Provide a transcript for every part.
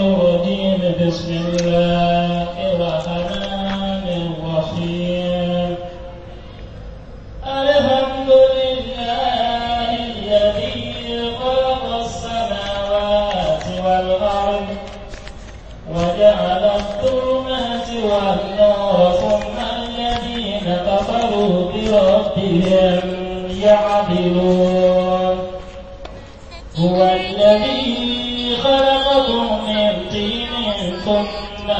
الرجيم بسم الله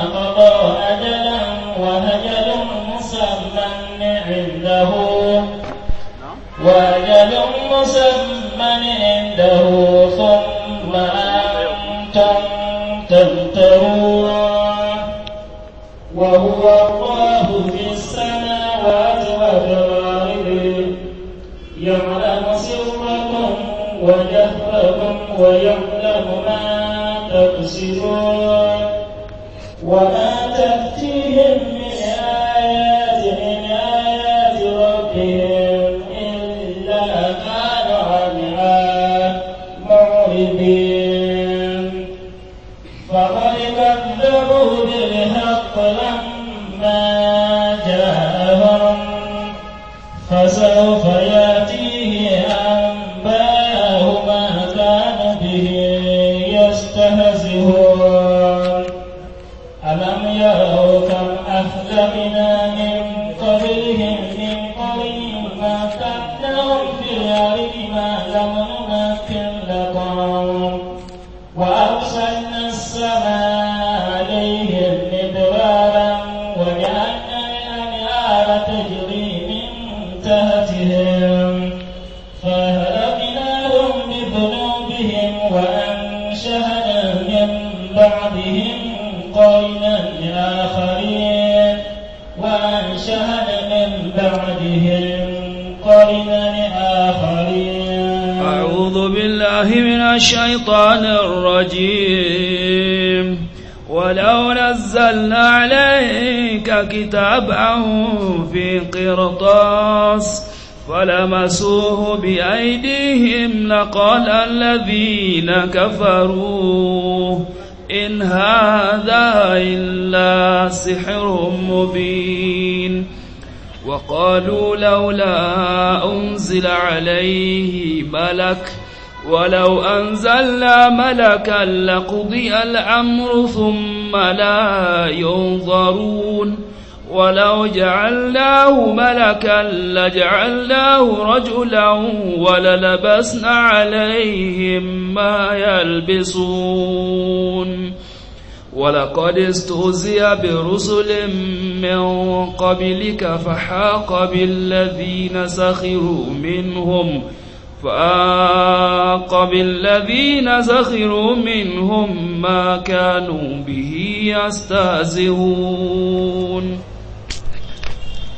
قضى أجلا وهجل مسمى عنده وأجل مسمى عنده ثم أنتم تمترون وهو الله في السماوات والأرض يعلم سركم وجهركم ويعلم ما تكسبون تبعه في قرطاس فلمسوه بأيديهم لقال الذين كفروا إن هذا إلا سحر مبين وقالوا لولا أنزل عليه ملك ولو أنزلنا ملكا لقضي الأمر ثم لا ينظرون ولو جعلناه ملكا لجعلناه رجلا وللبسنا عليهم ما يلبسون ولقد استهزئ برسل من قبلك فحاق بالذين سخروا منهم فآق بالذين سخروا منهم ما كانوا به يستهزئون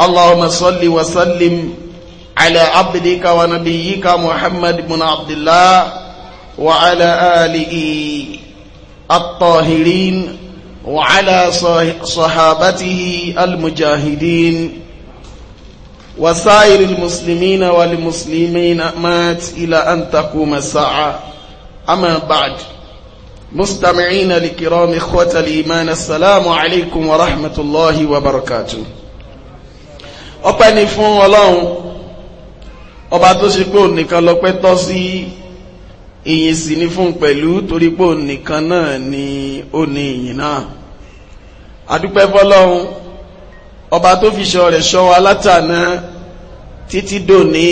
اللهم صل وسلم على عبدك ونبيك محمد بن عبد الله وعلى آله الطاهرين وعلى صحابته المجاهدين وسائر المسلمين والمسلمين مات إلى أن تقوم الساعة أما بعد مستمعين لكرام إخوة الإيمان السلام عليكم ورحمة الله وبركاته ọpẹ́ ni fún ọlọ́run ọba tó ṣe pé ònìkan lọ́pẹ́ tọ́ sí ìyìn sì ni fún pẹ̀lú torí pé ònìkan náà ni ó ní ìyìn náà adúpẹ́ fọlọ́run ọba tó fi ṣọ́ rẹ̀ ṣọ́ wa látàná títí dòní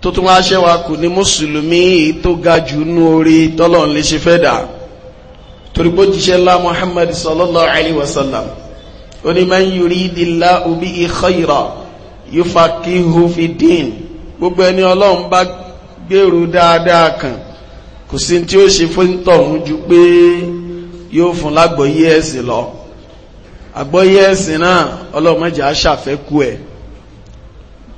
tó tún wá ṣẹ́ wa kù ní mùsùlùmí tó ga jù nú orí tọ́lọ́run lè ṣe fẹ́ dà torí pé ó jíṣẹ́ ńlá Muhammad sallallahu alayhi wa sallam ó ní man yuridillahu bihi khayran yufaqihu fid-din gbogbo ẹni ọlọ́run bá gbèrú dáadáa kan kò sí tí ó ṣe fún tọ̀hún ju pé yóò fún lágbọ́yé ẹ̀sìn lọ àgbọ́yé ẹ̀sìn náà ọlọ́mọjà ṣàfẹ́kù ẹ̀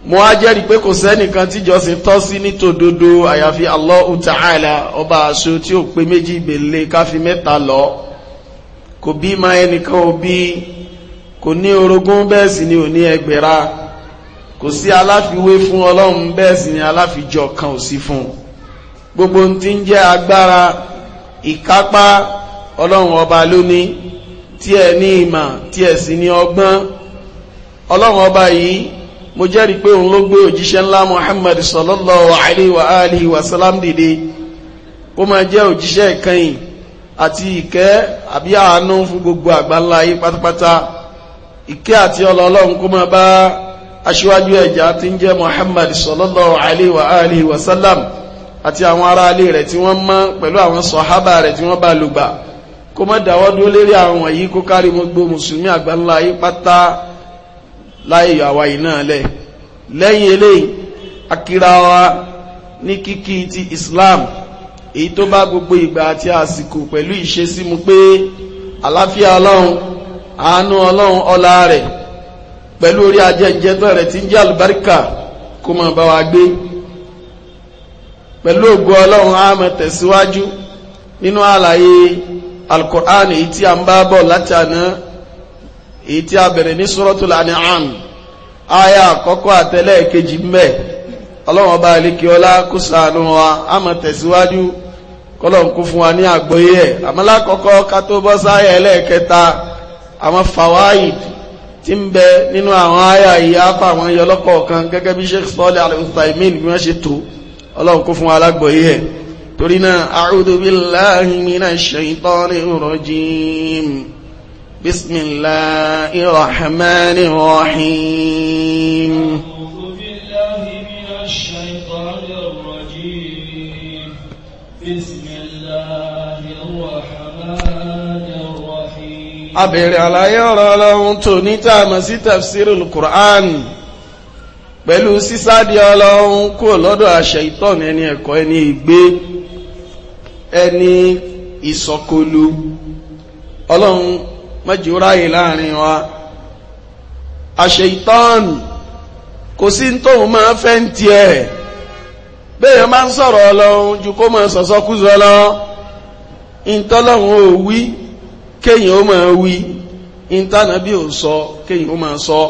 mo á jẹ́rìí pé kò sẹ́nìkan tíjọsìn tọ́ sí nítòdodo àyàfi Allahu Ta'ala ọba aṣọ tí ó pé méjì gbèlè káfí mẹ́ta lọ kò bí ma ẹnìkan ò bí kò ní orogún bẹ́ẹ̀ sì ni ò ní ẹgbẹ̀ra kò sí aláfiwé fún ọlọ́run bẹ́ẹ̀ sì ni kan ò sí gbogbo ń ti ń jẹ́ agbára ìkápá ọlọ́run ọba lónìí tí ẹ ní ìmọ̀ tí ẹ sì ní ọgbọ́n ọlọ́run ọba yìí mo jẹ́rìí pé òun ló gbé òjíṣẹ́ ńlá Muhammad sallallahu alayhi wa alihi wa salam dìde kó máa jẹ́ òjíṣẹ́ ìkẹyìn àti ìkẹ́ àbí àánú gbogbo àgbáńlá yìí ìkẹ́ àti ọlọ́ọ̀lọ́run kó máa bá aṣíwájú ẹ̀já tí ń jẹ́ Muhammad sallallahu alaihi wa alihi wa sallam àti àwọn ará alé rẹ̀ tí wọ́n mọ́ pẹ̀lú àwọn sọ̀hábà rẹ̀ tí wọ́n bá lùgbà kó má dáwọ́ dúró lérí àwọn wọ̀nyí kó kárí gbogbo mùsùlùmí àgbáńlá ayé pátá láyé yọ àwa yìí náà lẹ̀ lẹ́yìn eléyìí akira wa ní kíkí ti Islam èyí tó bá gbogbo ìgbà àti àsìkò pẹ̀lú ìṣesí mu pé àlàáfíà Ọlọ́run àánú ọlọ́run ọlá rẹ̀ pẹ̀lú orí ajẹ́jẹ́tọ́ rẹ̀ tí ń jẹ́ àlùbáríkà kó máa bá gbé pẹ̀lú ògo ọlọ́run á tẹ̀síwájú nínú àlàyé alukur'an èyí tí a ń bá bọ̀ láti àná èyí tí a bẹ̀rẹ̀ ní aya àkọ́kọ́ àtẹ́lẹ̀ kejì ń ọlọ́run ọba àlekè ọlá kó wa tẹ̀síwájú fún wa ní àwọn fawaid tí ń bẹ nínú àwọn àyà ìyá apá àwọn ẹyọ lọ́kọ̀ọ̀kan gẹ́gẹ́ bí Sheikh Salih Al-Uthaymin bí wọ́n ṣe tó ọlọ́run kó fún alágbọ̀yé ẹ̀ torí náà a'udhu abèrè àlàyé ọ̀rọ̀ ọlọ́run tó ní tààmà sí al Qur'an pẹ̀lú sísáàdì ọlọ́run kò lọ́dọ̀ àṣẹ ìtọ́nù ẹni ẹ̀kọ́ ẹni ìgbé ẹni ìsọkolu ọlọ́run mẹ́jì láàrin wa àṣẹ ìtọ́nù kò sí tóun máa fẹ́ ń tiẹ̀ máa ń ọlọ́run ju kó máa kéyìn ó máa wí ìntànàbí ò sọ kéyìn ó máa sọ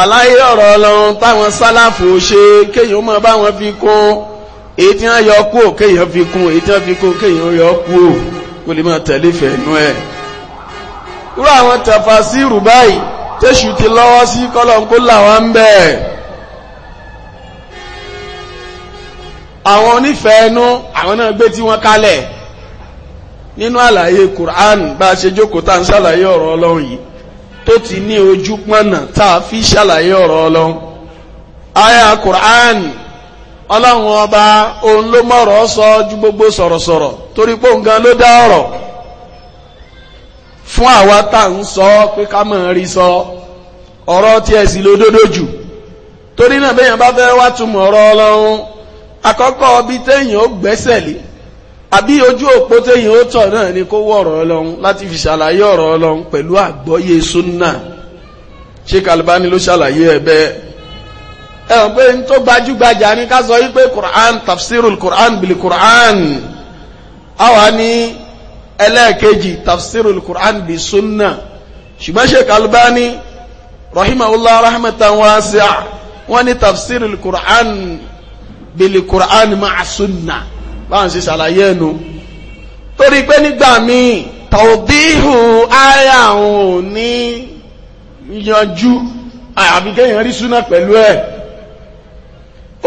àlàyé ọ̀rọ̀ ọlọ́run táwọn sálàfò ṣe kéyìn ó máa bá wọn fi kún èyí tí wọ́n yọ kú kéyìn ó fi kún èyí tí wọ́n fi kún kéyìn ó yọ kú kó lè máa tẹ̀lé fẹ̀ẹ́nú ẹ̀ irú àwọn tàfàsírù báyìí tẹ́ṣù ti lọ́wọ́ sí kọ́lọ̀n kó ń bẹ̀ àwọn onífẹ̀ẹ́nú àwọn náà gbé tí wọ́n kalẹ̀ nínú àlàyé Quran bá a ṣe jókòó tá à ń ṣàlàyé ọ̀rọ̀ Ọlọ́run yìí tó ti ní ojú pọ́nà tá a fi ṣàlàyé ọ̀rọ̀ Ọlọ́run aya Quran Ọlọ́run ọba òun ló mọ̀rọ̀ sọ ju gbogbo sọ̀rọ̀sọ̀rọ̀ torí pé òun gan ló dá ọ̀rọ̀ fún àwa tá à ń sọ pé ká mọ̀ rí sọ ọ̀rọ̀ tí ẹ sì lódodo jù torí náà bẹ́yàn bá fẹ́ wá túmọ̀ ọ̀rọ̀ Ọlọ́run àkọ́kọ́ bíi téèyàn ó gbẹ́sẹ̀ lé àbí ojú òpó téyìn ó tọ̀ náà ni kó wọ ọ̀rọ̀ Ọlọ́run láti fi ṣàlàyé ọ̀rọ̀ Ọlọ́run pẹ̀lú àgbọ́yé súnà Sheikh Albani ló ṣàlàyé ẹ̀ bẹ́ẹ̀ ẹ hàn pé n tó gbajúgbajà ni ká sọ wípé Quran tafsirul Quran bil Quran àwa ní ẹlẹ́ẹ̀kejì tafsirul Quran bi súnà ṣùgbọ́n Sheikh Albani rahimahullah rahmatan wọ́n ní tafsirul Quran bil Quran ma'a súnà bá ń ṣe ṣàlàyé ẹnu torí pé nígbà míì tàwọ̀díhù ayé àwọn ò ní yanjú àbí kéèyàn rí súnà pẹ̀lú ẹ̀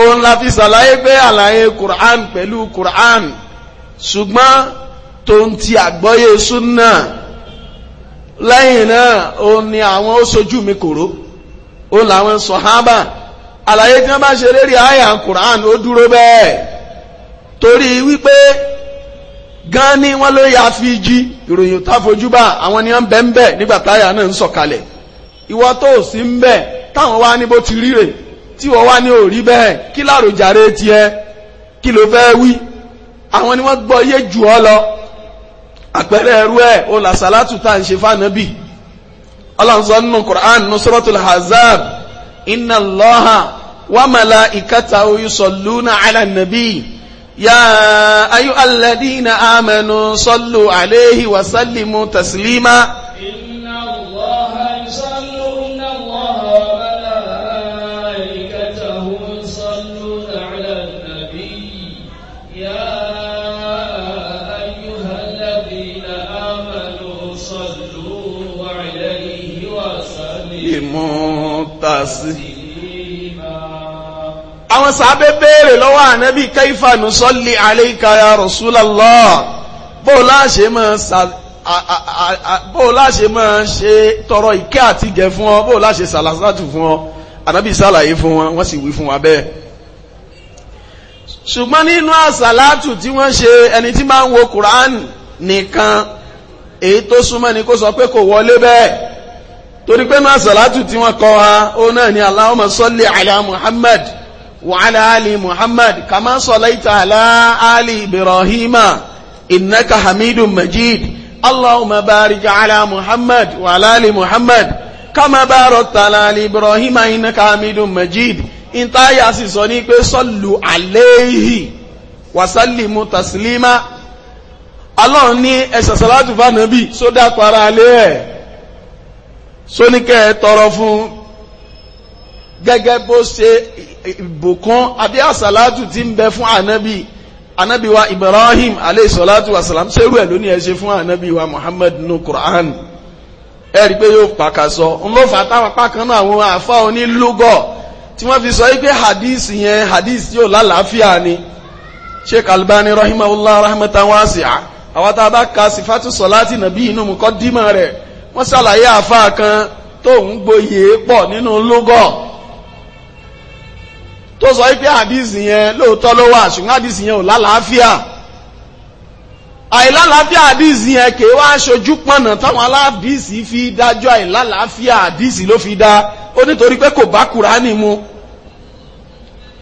òun la fi ṣàlàyé pé àlàyé Qur'an pẹ̀lú Qur'an ṣùgbọ́n tó ń ti àgbọ́yé súnà lẹ́yìn náà o ni àwọn ó sojú mi kòró o làwọn sọ̀hábà àlàyé tí wọ́n bá ṣe lérí àyà Kùránì ó dúró bẹ́ẹ̀ torí wípé gan ni wọ́n ló ya fi jí ìròyìn tá àwọn ni wọ́n bẹ́ ń bẹ̀ nígbà táyà náà ń sọ̀kalẹ̀ ìwọ tó ò sí ń bẹ̀ táwọn wá ní bó ti ríre tí wọ́n wá ní òrí bẹ́ẹ̀ kí láròjàre tiẹ̀ kí ló fẹ́ wí àwọn ni wọn gbọ yé jù ọ lọ àpẹẹrẹ ẹrú ẹ̀ o là sàlátù tá à ń ṣe fànàbì ọlọ́run sọ nínú Qur'an nínú suratul Ahzab inna Allaha wa malaikatahu yusalluna ala nabi يا أيها الذين آمنوا صلوا عليه وسلموا تسليما إن الله إن الله وملائكته يصلون على النبي يا أيها الذين آمنوا صلوا عليه وسلموا تسليما àwọn sàábé béèrè lọ́wọ́ ànábì kaifa nusalli alayka ya Rasulallah bó láṣe máa ṣe tọrọ ìkẹ́ àti gẹ̀ fún ọ bó láṣe sàlásàtù fún ọ ànábì sàlàyé fún wọn wọ́n sì wí fún wa bẹ́ẹ̀ ṣùgbọ́n nínú àsàlátù tí wọ́n ṣe ẹni tí máa ń wo Qur'an nìkan èyí tó súnmọ́ ni kó sọ pé kò wọlé bẹ́ẹ̀ torí pé máa sàlátù tí wọ́n kọ́ wa ó náà ni Allahumma salli ala Muhammad وعلى آل محمد كما صليت على آل إبراهيم إنك حميد مجيد اللهم بارك على محمد وعلى آل محمد كما باركت على آل إبراهيم إنك حميد مجيد إن تايا سيسوني صلوا عليه وسلموا تسليما اللهم ní ẹsẹ̀ sàlátù صدق sódà para alẹ́ ẹ̀ sóníkẹ́ bó ṣe ìbùkún àbí àsàlátù tí ń bẹ fún ànábì ànábì wa Ibrahim aleyhisalatu wasalam ṣerú ẹ̀ lónìí ẹ ṣe fún ànábì wa Muhammad nu Quran ẹ rí pé yóò pàkàsọ ń ló fà táwọn apákan náà àwọn àfa onílùgọ tí wọ́n fi sọ wípé hadith yẹn hadith yóò lálàáfíà ni Sheikh Albani rahimahullah rahmatan wasi'a àwọn tá a bá ka sifatu sọláàtì nàbí inú mu kọ́ dímọ̀ rẹ̀ wọ́n ṣàlàyé àfa kan tó ń gboyè pọ̀ nínú lùgọ tó sọ wípé àdìsí yẹn lóòótọ́ ló wà ṣùgbọ́n àdìsí yẹn ò lálàáfíà àìlálàáfíà àdìsí yẹn kèé wá aṣojú pọ̀nà táwọn aláàdìsí fi dájọ́ àìlálàáfíà àdìsí ló fi dá ó nítorí pé kò bá kùránì mu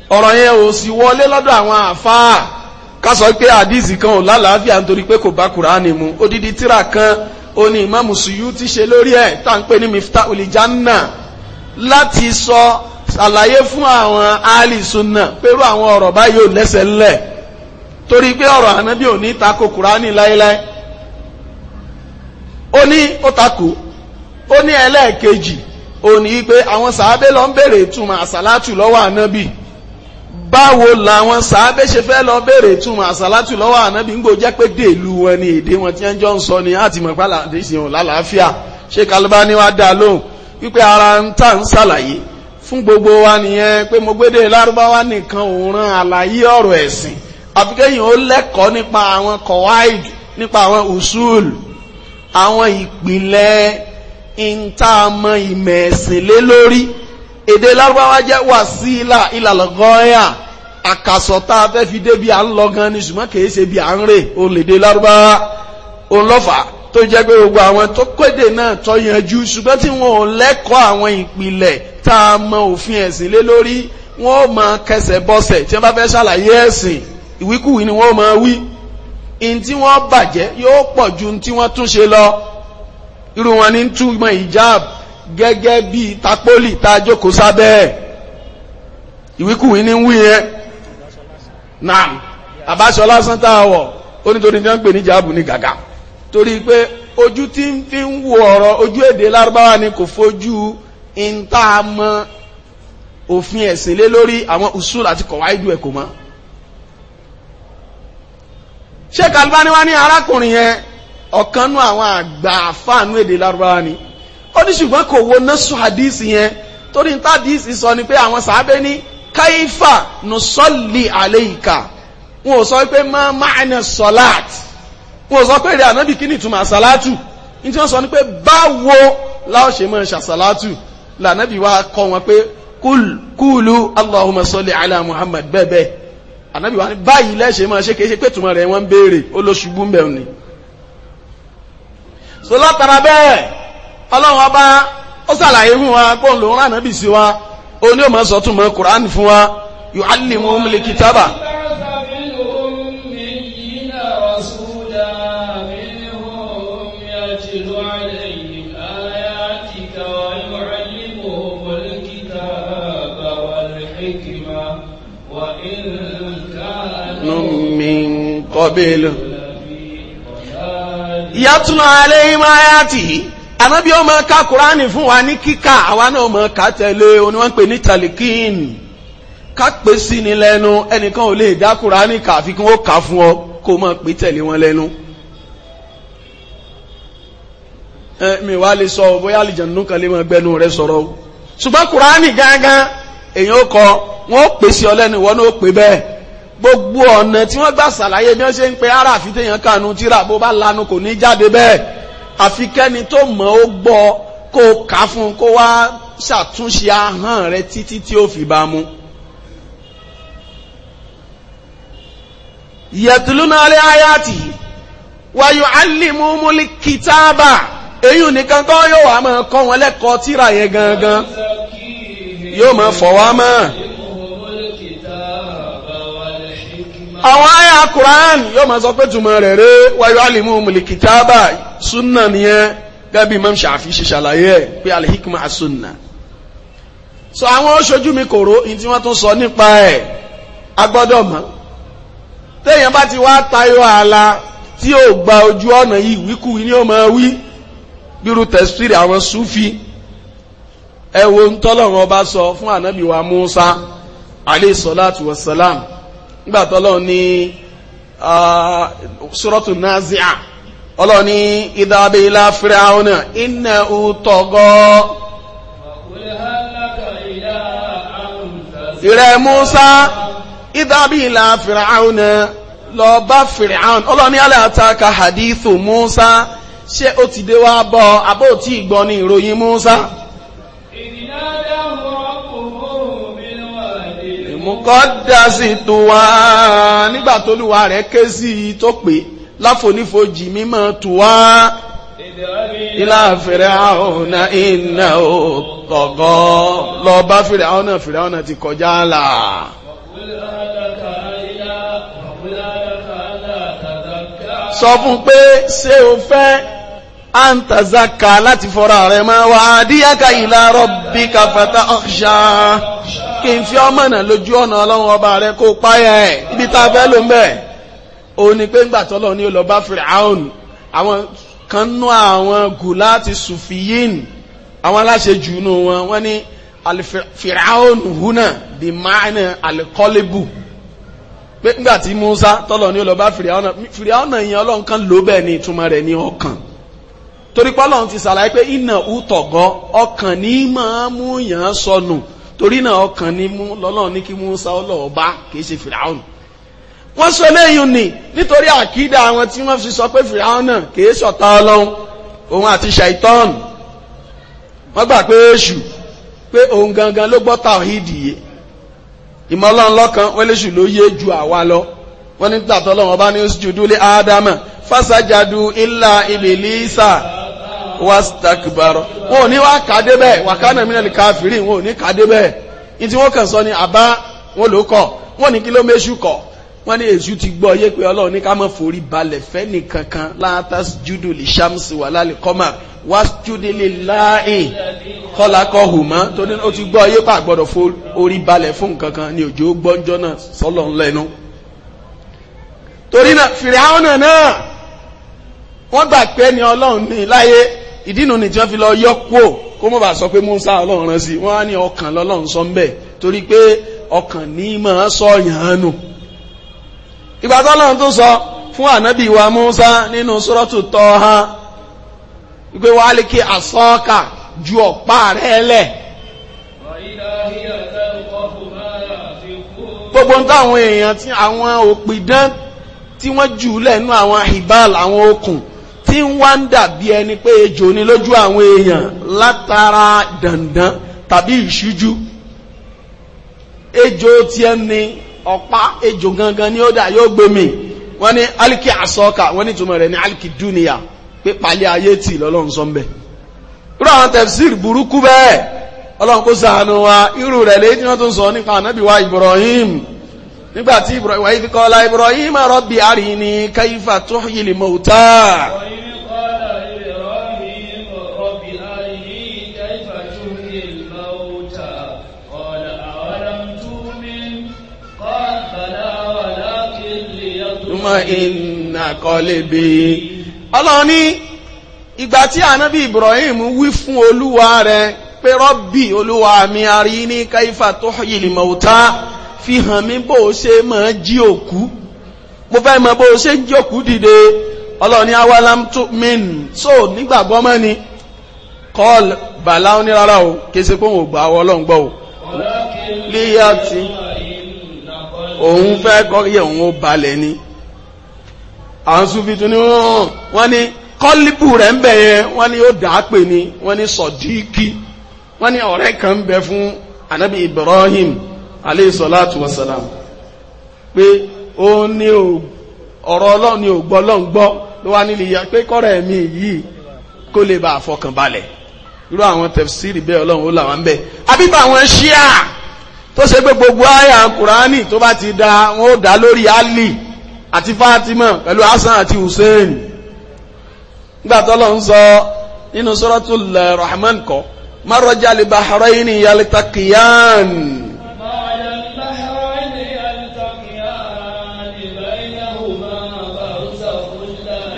ọ̀rọ̀ yẹn ò sì wọlé lọ́dọ̀ àwọn àfáà ká sọ pé àdìsí kan ò lálàáfíà nítorí pé kò bá kùránì mu odidi tíra kan ó ní Imam Suyuti ṣe lórí ẹ̀ tá à ń pè ní Miftahul Janna láti sọ ṣàlàyé fún àwọn alìsúnà pẹ̀lú àwọn ọ̀rọ̀ báyìí ò lẹ́sẹ̀ ńlẹ̀ torí pé ọ̀rọ̀ ànábì ò ní tako kùránì láéláé ó ní ó tako ó ní ẹlẹ́ẹ̀kejì ó ní pé àwọn sàábé lọ ń béèrè ìtumọ̀ àsàlátù lọ́wọ́ ànábì báwo làwọn sàábé ṣe fẹ́ lọ béèrè ìtumọ̀ àsàlátù lọ́wọ́ ànábì ń gbọ́ jẹ́ pé dèlú wọn ni èdè wọn tí wọ́n jọ ń sọ ni láti mọ̀ pálá àdéṣe òun lálàáfíà ṣé kalibá dá lóhùn wípé ara ń tà ń ṣàlàyé fún gbogbo wa nìyẹn pé mo gbédè lárúbáwá nìkan òòràn àlàyé ọ̀rọ̀ ẹ̀sìn àfikẹ́yìn ó lẹ́kọ̀ọ́ nípa àwọn kọ̀wáìd nípa àwọn usul àwọn ìpìlẹ̀ ìntàmọ̀ ìmọ̀ ẹ̀sìn lé lórí èdè lárúbáwá jẹ́ wàsílà ìlàlọ́gọ́yà àkàsọ̀ tá a fẹ́ fi dé bí à ń lọ gan ni ṣùgbọ́n kì ṣe bí à ń rè olèdè lárúbáwá olọ́fàá tó jẹ́ pé gbogbo àwọn tó kéde náà tó yanjú ṣùgbọ́n tí wọn ò lẹ́kọ̀ọ́ àwọn ìpìlẹ̀ tá a mọ òfin ẹ̀sìn lé lórí wọn ò máa kẹsẹ̀ bọ́sẹ̀ tí wọ́n bá fẹ́ ṣàlàyé ẹ̀sìn ìwíkúwìí ni wọ́n máa wí in tí wọ́n bàjẹ́ yóò pọ̀ ju tí wọ́n tún ṣe lọ irú wọn ní túmọ̀ hijab gẹ́gẹ́ bí tapoli tá a jókòó sábẹ́ ẹ̀ ìwíkúwìí ni ń wí yẹn náà àbáṣọ lásán tá a wọ̀ ó nítorí ní pè ní hijab ní gàgà torí pé ojú tí ń fi ń wo ọ̀rọ̀ ojú èdè lárúbáwá ni kò fojú ìta mọ òfin ẹ̀sìn lé lórí àwọn usul àti kọ̀wá ìdú ẹ̀ kò mọ́ Sheikh Albani wá ní arákùnrin yẹn ọ̀kanú àwọn àgbà àfáànú èdè lárúbáwá ni ó ní ṣùgbọ́n kò wo nọ́sù hadith yẹn torí ní tádìsì sọ ni pé àwọn sàábẹ́ ní káyífà nùsọ́lì àlẹ́ ìkà wọn ò sọ pé má máa ní sọ́láàtì wọn sọ pé rẹ̀ ànábì kí ni ìtumọ̀ àsálátù ní tí wọ́n sọ ní pé báwo láò ṣe máa ṣàsálátù lànábì wá kọ́ wọn pé kúlù allahumma salli ala muhammad bẹ́ẹ̀bẹ́ẹ̀ ànábì wá ní báyìí lẹ́ṣẹ̀ máa ṣe kéṣe pé tùmọ̀ rẹ̀ wọ́n ń béèrè ó ló ṣubú ń bẹ̀rù ni. so látara bẹ́ẹ̀ ọlọ́run ọba ó ṣàlàyé fún wa kó ló rán ànábì sí wa ó ní ó máa sọ قبل يتلو عليهم آياته ànábì ó máa ka kuraani fún wa ní kíkà àwa náà máa ka tẹ̀lé oní wọ́n ń pè ní talikin ká pè sí ni lẹ́nu ẹnìkan ò lè dá kuraani kà àfi kí wọ́n kà fún ọ kó máa pè tẹ̀lé wọn lẹ́nu. mi wá lè sọ bóyá àlìjànnú kan lè máa gbẹnu rẹ sọ̀rọ̀ ṣùgbọ́n kuraani gángan èèyàn kọ wọ́n ó pè ọ lẹ́nu wọ́n ó pè bẹ́ẹ̀ gbogbo ọ̀nà tí wọ́n gbà ṣàlàyé bí wọ́n ṣe ń pe ara àfi téèyàn kanu tíra bó bá lanu kò ní jáde bẹ́ẹ̀ àfi kẹ́ni tó mọ̀ ó gbọ́ kó o kà fún kó wá ṣàtúnṣe ahọ́n rẹ títí tí ó fi bá mu. yẹtùlúnà alẹ́ ayáàtì wáyọ alìmúmúlì kìtàbà èyí nìkan kọ́ yóò wá máa kọ́ wọn lẹ́kọ̀ọ́ tíra yẹn gangan yóò máa fọ̀ wá mọ́. àwọn àyà Quran yóò máa sọ pé túmọ̀ rẹ̀ rẹ̀ wáyọ̀ alimu mulikitaba sunna nìyẹn gẹ́gẹ́ bí Imam Shafi ṣe ṣàlàyé ẹ̀ pé alihikma asunna so àwọn oṣojú mi kòró ní tí wọ́n tún sọ nípa ẹ̀ agbọ́dọ̀ mọ́ téèyàn bá ti wá tayọ ààlà tí ò gba ojú ọ̀nà yìí wíkúwí ni ó máa wí bírú tẹ̀sírì àwọn súfì ẹ wo ń tọ́lọ́run ọba sọ fún ànábì wa Musa alayhi salatu wassalam nígbà tó ọlọ́run ní suratu nazia ọlọ́run ní ìdábìlá firaona iná utọ́gọ́. ìrẹ̀ musa ìdábìlá firaona lọ bá firaona ọlọ́run ní alẹ́ àtàkà hadithu musa ṣé ó ti dé wá bọ́ abóòtí ìgbọ́ ní ìròyìn musa. mukọ́dásí tó wá nígbà tó lùwà rẹ̀ ké sí i tó pé láfonífojì mímọ́ tó wá ilá fèrè àwọn iná ọ̀gọ́ lọ bá fèrè àwọn fèrè àwọn ti kọjá là. sọ fún pé ṣé o fẹ́ àǹtàzákà láti fọ́ra rẹ̀ máa wá díyàkà ìlà rọ́bì kàfàtà ọ̀ṣà kí n fi ọmọ náà lójú ọ̀nà ọlọ́run ọba rẹ kó páyà ẹ̀ ibi tá a fẹ́ ló ń bẹ̀ òun ni pé ńgbà tọ́lọ́ ní olọ́ba fìràhùn àwọn kan nú àwọn gùláàtì sùfìyìn àwọn aláṣejù nù wọn wọ́n ní alifirahun huna di maana alikọlibu pé nígbà tí Musa tọ́lọ̀ ní ọlọ́ba fìrìhánà fìrìhánà yẹn ọlọ́run kan ló bẹ́ẹ̀ ni ìtumọ̀ rẹ̀ ní ọkàn torí pé ọlọ́run ti ṣàlàyé pé iná utọ̀gọ́ ọkàn ní máa mú yàn sọnù torí náà ọkàn ni mú lọ́lọ́run ní kí Musa ọlọ́ọ̀ bá kìí ṣe fìràhùn wọ́n sọ eléyìí ni nítorí àkídà àwọn tí wọ́n fi sọ pé fìràhùn náà kìí ṣọ̀tá ọlọ́run òun àti ṣàìtọ́ọ̀nù wọ́n gbà pé èṣù pé òun gangan ló gbọ́ tàwíìdì yé ìmọ̀ ọlọ́run lọ́kan wọ́n léṣù ló yé ju àwa lọ wọ́n ní tàtọ́ ọlọ́run ọba ní oṣù jùdú lé ádámà fásajàdù wastakbaro wọn ò ní wá kàdé bẹ́ẹ̀ wàkánà mílíọ̀nù káfírí wọn ò ní kàdé bẹ́ẹ̀ ní tí kàn sọ ni àbá wọn ló kọ̀ wọ́n ní kílómẹ́ṣù kọ̀ wọ́n ní èṣù ti gbọ́ yé pé ọlọ́run ní ká má forí balẹ̀ fẹ́ nìkankan látàs judu lè ṣàmùsì wà lálẹ́ kọ́mà wá judu lè láàyè kọ́lákọ́ hùmọ́ tó ní ó ti gbọ́ yé pà gbọ́dọ̀ forí balẹ̀ fún nǹkankan ní òjò gbọ́njọ́ náà sọ́lọ́ ńlẹ́nu torí náà fìrìhánà náà wọ́n gbà pé ni ọlọ́run ní láyé ìdínú ni tí wọ́n fi lọ yọ kúò kó mọ́ bá sọ pé Musa ọlọ́run rán sí wọ́n á ní ọkàn lọ́lọ́run sọ ń bẹ̀ torí pé ọkàn ní máa sọ yànánù ìgbà tọ́lọ́run tó sọ fún ànábì wa Musa nínú suratu Taha wípé wàá lè kí àsọ́ọ̀kà ju ọ̀pá rẹ̀ lẹ̀ gbogbo ń táwọn èèyàn tí àwọn òpìdán tí wọ́n jù lẹ́nu àwọn ìbáàlà àwọn okùn tí ń wá ń dàbí ẹni pé ejò ni lójú àwọn èèyàn látara dandan tàbí ìṣíjú ejò tí ẹ ní ọ̀pá ejò gangan ni ó dà yóò gbé mi wọ́n ní aliki asọ́ka wọ́n ní túnmọ̀ rẹ̀ ní aliki dúnìyà pé palẹ̀ ayé tì lọ́lọ́run àwọn burúkú bẹ́ẹ̀ ọlọ́run kó wa Ibrahim nígbàtí ìbúrọ̀wà ibi kọ́lá Ibrahim rabbi arini kaifa tuhyil mauta inna qalbi ọlọ́run ní ìgbà tí ànábì Ibrahim wí fún olúwa rẹ̀ pé rabbi olúwa mi arini kaifa tuhyil mauta fi hàn mí bó o ṣe máa jí òkú mo fẹ́ mọ bó ṣe jí òkú dìde ọlọ́ọ̀ni awalam tó min so nígbàgbọ́ mọ́ ni kọ́ọ̀lù bàlá ó ní rárá o kì í ṣe pé òun ò gbà wọ ọlọ́run gbọ́ o líyà tí òun fẹ́ kọ́yẹ̀ òun ó balẹ̀ ni àwọn sufi tún ní wọ́n ní kọ́lípù rẹ̀ ń bẹ̀ yẹn wọ́n ní ó dàá pè ní wọ́n ní sọ̀díkì wọ́n ní ọ̀rẹ́ kan ń bẹ fún anabi Ibrahim alayhi salatu wasalam pé ó ní ọ̀rọ̀ ọlọ́run ni ò gbọ́ ọlọ́run gbọ́ ló wá nílé ya pé kọ́rọ̀ ẹ̀mí yìí kó lè bá àfọkànbalẹ̀ irú àwọn tẹ̀fsírì bẹ́ẹ̀ ọlọ́run ó làwọn bẹ́ẹ̀ àbíbá àwọn ṣíà tó ṣe pé gbogbo àyà kùránì tó bá ti da wọn ó dá lórí ali àti fatima pẹ̀lú hasan àti hussein nígbà tó lọ sọ nínú suratul rahman kọ marajal bahrayni yaltaqiyan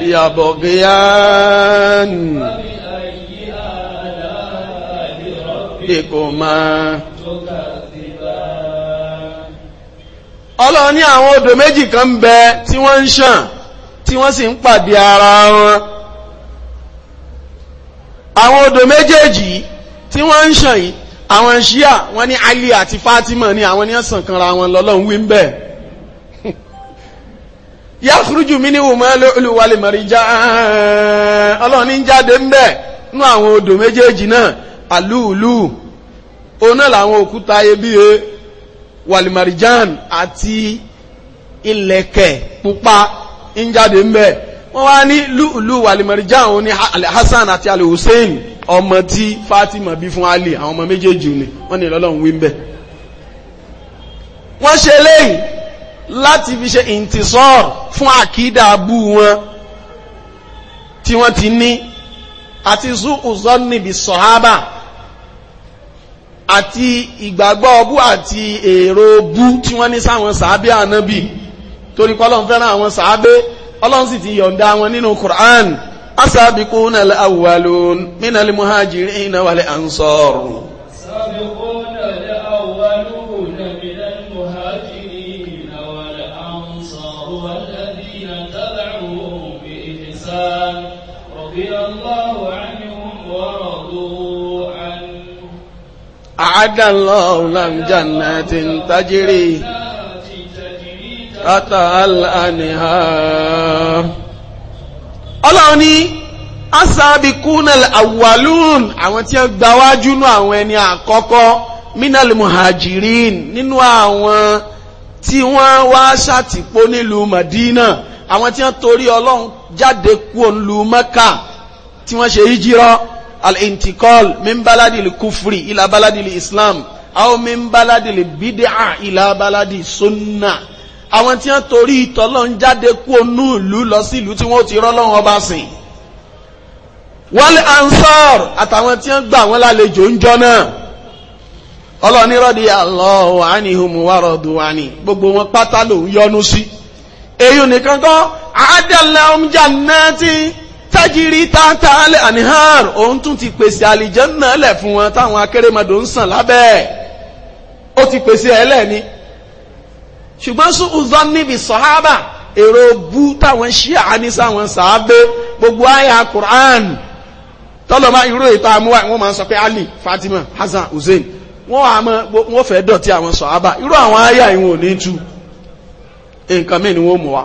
يبغيان ربكما Ọlọ́run ní àwọn odò méjì kan ń bẹ tí wọ́n ń ṣàn tí wọ́n sì ń pàdé ara wọn àwọn odò méjèèjì tí wọ́n ń ṣàn yìí àwọn ṣíà wọ́n ní Ali àti Fatima ní àwọn ní ọ̀sán kanra wọn lọ́lọ́run wí ń bẹ́ẹ̀ yakhruju minhuma lu'lu wal marjan ọlọ́run ní jáde ń bẹ̀ nú àwọn odò méjèèjì náà àlúùlù òun náà làwọn òkúta ayébíye wal marjan àti ilẹ̀kẹ̀ pupa ń jáde ń bẹ̀ wọ́n wá ní lúùlù wal marjan òun ní alhassan àti alhussein ọmọ tí fatima bí fún ali àwọn ọmọ méjèèjì ni wọ́n ní lọ́lọ́run wí ń bẹ̀ wọ́n ṣe léyìn láti fi ṣe intisor fún àkídà abú wọn tí wọ́n ti ní àti zu uzọ́nì bí sọ̀hábà àti ìgbàgbọ́ ọbú àti èrò bú tí wọ́n ní sáwọn sàábé ànábì torí pé ọlọ́run fẹ́ràn àwọn sàábé ọlọ́run sì ti yọ̀ǹda wọn nínú Qur'an asabiquna al-awwalun minal muhajirin wal ansar. sabiquna. أعد الله لهم جنات تجري تحتها الأنهار ọlọ́run ní asabikunal awalun àwọn tí wọ́n gba wájú nú àwọn ẹni àkọ́kọ́ minal muhajirin nínú àwọn tí wọ́n wá ṣàtìpó nílùú madina àwọn tí wọ́n torí ọlọ́run jáde kúrò nílùú mẹ́kà tí wọ́n ṣe hijira al-intikal min baladi kufri ila baladi islam aw min baladi bid'a ila baladi sunna àwọn tí wọ́n torí ìtọ́lọ́n jáde kú onú ìlú lọ sí ìlú tí wọ́n ti rọ́lọ́run ọba sìn wal ansar àtàwọn tí wọ́n gbà wọ́n lálejò ń jọ náà ọlọ́ni rọ́dí Allahu anihum wa radu gbogbo wọn pátá lòun yọ́nú sí èyí nìkan kọ́ àádẹ́lẹ́ ọmọ jannati tajiri tátàlẹ̀ àníhàr òun tún ti pèsè àlìjẹ́nà lẹ̀ fún wọn táwọn akérèmọdò ń sàn lábẹ́ ó ti pèsè ẹlẹ́ni ṣùgbọ́n sún uzan níbi sọ́hábà èrò bú táwọn ṣíà àníṣà wọn sàábé gbogbo àyà Qur'an tọ́lọ́mà irú ìta amúwà wọ́n máa ń sọ pé Ali Fatima Hasan Hussein wọ́n á mọ wọ́n fẹ́ dọ̀tí àwọn sọ̀hábà irú àwọn àyà ìwọ̀n ò ní tú nǹkan mẹ́rin wọ́n mọ̀ wá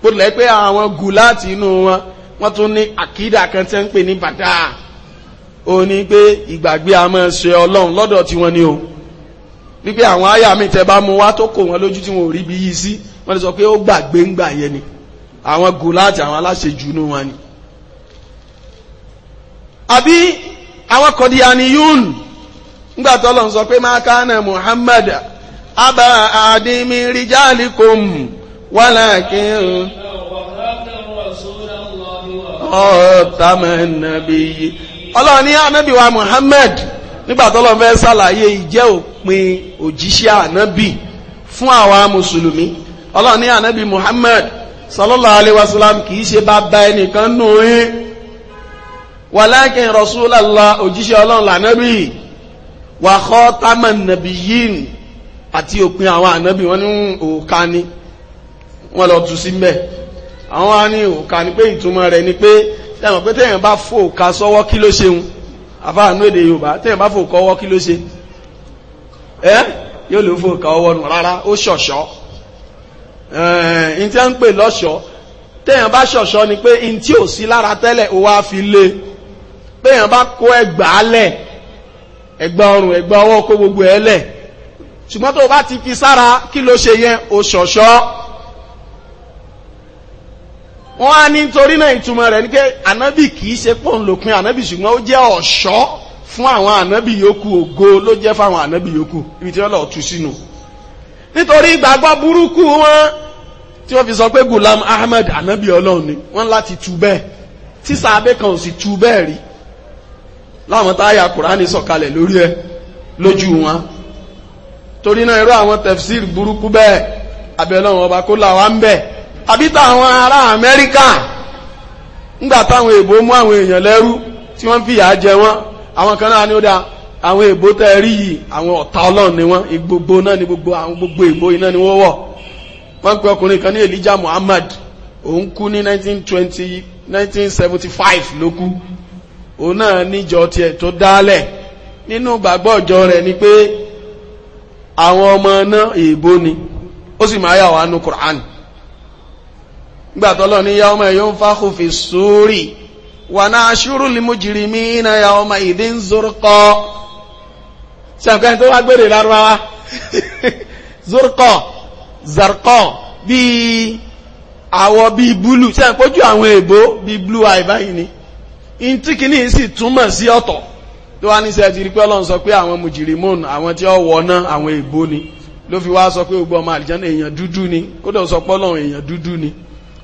bó tilẹ̀ pé àwọn gùn láti inú wọn wọ́n tún ní àkídà kan tẹ́ ń pè ní bàdá ó ní pé ìgbàgbé a máa ṣe ọlọ́run lọ́dọ̀ tí wọ́n ní o wípé àwọn àyà mi tẹ́ bá mu wá tó kò wọ́n lójú tí wọ́n ò rí bí yìí sí wọ́n ti sọ pé ó gbàgbé ń gbà yẹn ni àwọn gòláàtì àwọn aláṣejù inú wọn ni. àbí àwọn kọ̀díyaniyún ńgbà tó lọ́n sọ pé mákànnà Muhammad abba adimi rijalikum wàlàkín khataman nabiyyi ọlọ́run ní ànábì wa Muhammad nígbà tó lọ́n fẹ́ ṣàlàyé ìjẹ́ òpin òjíṣẹ́ ànábì fún àwa mùsùlùmí ọlọ́run ní ànábì Muhammad sallallahu alaihi wasallam kìí ṣe bàbá ẹnìkan nù yín walakin rasulallah òjíṣẹ́ ọlọ́run lànábì àwọn wa ní òkà ni pé ìtumọ̀ rẹ̀ ni pé tẹ̀wọ̀n pé tẹ̀yàn bá fò ká sọ́wọ́ kí ló ṣeun àfáànú èdè Yorùbá tẹ̀yàn bá fò ká ọwọ́ kí ló ṣe ẹ́ yóò lè fò ká ọwọ́ nù rárá ó ṣọ̀ṣọ́ ẹ̀ẹ́n tí a ń pè lọ́ṣọ́ tẹ̀yàn bá ṣọ̀ṣọ́ ni pé n tí ò sí lára tẹ́lẹ̀ ó wá fi lé tẹ̀yàn bá kó ẹgbàá lẹ̀ ẹgbà ọrùn ẹgbà ọwọ́ kó gbogbo ẹ lẹ̀ ṣùgbọ́n tó o bá ti fi sára kí ló ṣe yẹn ó ṣọ̀ṣọ́ wọ́n á ní torí náà ìtumọ̀ rẹ̀ ní pé ànábì kì í ṣe pòun lòpin ànábì ṣùgbọ́n ó jẹ́ ọ̀ṣọ́ fún àwọn ànábì yòókù ògo ló jẹ́ fáwọn ànábì yòókù ibi tí wọ́n lọ tú sínú nítorí ìgbàgbọ́ burúkú wọn tí wọ́n fi sọ pé Gulam Ahmed ànábì ọlọ́run ni wọ́n láti tú bẹ́ẹ̀ tí sàábé kan ò sì tú bẹ́ẹ̀ rí láwọn táyà Kùránì sọ̀kalẹ̀ lórí ẹ lójú wọn torí náà irú àwọn tẹ̀fsíìrì burúkú bẹ́ẹ̀ abẹ́ ọlọ́run ọba kó là wá ń bẹ́ẹ̀ àbí àwọn ará amẹ́ríkà ńgbà táwọn èbó mú àwọn èèyàn lẹ́rú tí wọ́n fìyà jẹ wọ́n àwọn kan náà ni ó dá àwọn èbó tẹ́ àwọn ni wọ́n gbogbo náà ni gbogbo àwọn gbogbo èbó iná ni wọ́n wọ̀ wọ́n pe ọkùnrin kan ní Elijah Muhammad òun kú 1975 ló kú òun náà níjọ tiẹ̀ tó dálẹ̀ nínú gbàgbọ́ ọjọ́ rẹ̀ ni pé ọmọ náà ni ó sì máa yà gbàtọ́lọ́ ní yawma yunfakhu fi suri wa nashurul mujrimina yawma idin zurqa ṣàkóyìn tó wá gbèrè lárúbáwá zurqa zarqa bíi àwọ̀ bíi búlù ṣàkójú àwọn èbó bíi blue eye báyìí ni ntí kìíní sì túmọ̀ sí ọ̀tọ̀ tó wá ní sẹ́ẹ̀tì rí pé ọlọ́run sọ pé àwọn mujrimun àwọn tí ó wọ̀ náà àwọn èbó ni ló fi wá sọ pé gbogbo ọmọ àlìjáná èèyàn dúdú ni kódà sọ pé ọlọ́run èèyàn dúdú ni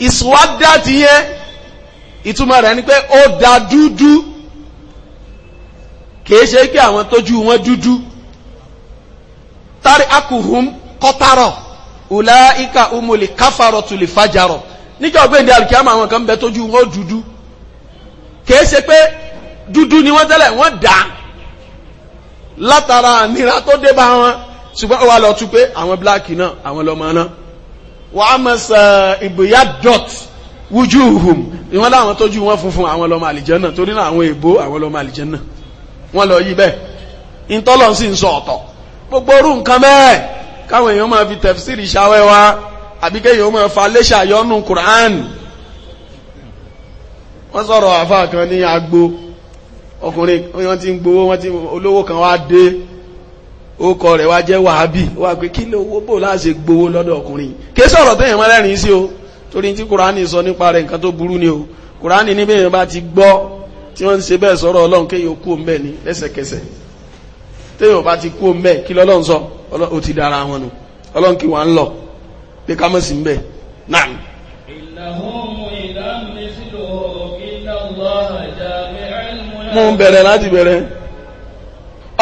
ìsúwádá ti yẹn ìtumọ̀ rẹ̀ ni pé ó da dúdú kìí ṣe pé àwọn tójú wọn dúdú tari akuhum kọtarọ ula ika umuli kafarọ tuli fajarọ níjọ́ gbẹ̀ndẹ̀ alùkìyàmọ̀ àwọn kan bẹ tójú wọn dúdú kìí ṣe pé dúdú ni wọ́n tẹ́lẹ̀ wọ́n dà látara nira tó dé bá wọn ṣùgbọ́n wà lọ tún pé àwọn bíláàkì náà àwọn lọ́mọ náà wà á mẹ́sẹ̀ ìbòyá dot wujuhum ìwọ́n láwọn tójú wọn funfun àwọn lọ́mọ àlìjẹ́nà torí náà àwọn èbó àwọn lọ́mọ àlìjẹ́nà wọ́n lọ yí bẹ́ẹ̀ ìtọ́lọ̀ sì ń sọ ọ̀tọ̀ gbogbo orú nǹkan bẹ́ẹ̀ káwọn èèyàn máa fi tẹ̀fsìrì ṣáwẹ́ wa àbí kéèyàn máa fa léṣà yọnu Qur'an wọ́n sọ̀rọ̀ àfáà kan ní agbo ọkùnrin wọ́n ti ń gbowó wọ́n ti olówó kan wá dé ó kọ rẹ̀ wá jẹ́ wàhábì wà pé kí ló owó bò láàṣẹ gbowó lọ́dọ̀ ọkùnrin kí sọ̀rọ̀ mọ́ sí o torí tí kùránì sọ nípa rẹ̀ nǹkan tó burú ni o kùránì níbi èèyàn bá ti gbọ́ tí wọ́n ń ṣe bẹ́ẹ̀ sọ̀rọ̀ ọlọ́run kéèyàn kú òun ni lẹ́sẹ̀kẹsẹ̀ téèyàn bá ti kú òun kí lọ́lọ́run sọ ó ti dára wọn nù ọlọ́run kí wọ́n ń lọ pé ká mọ̀ sí ń náà. mo ń bẹ̀rẹ̀ láti bẹ̀rẹ̀.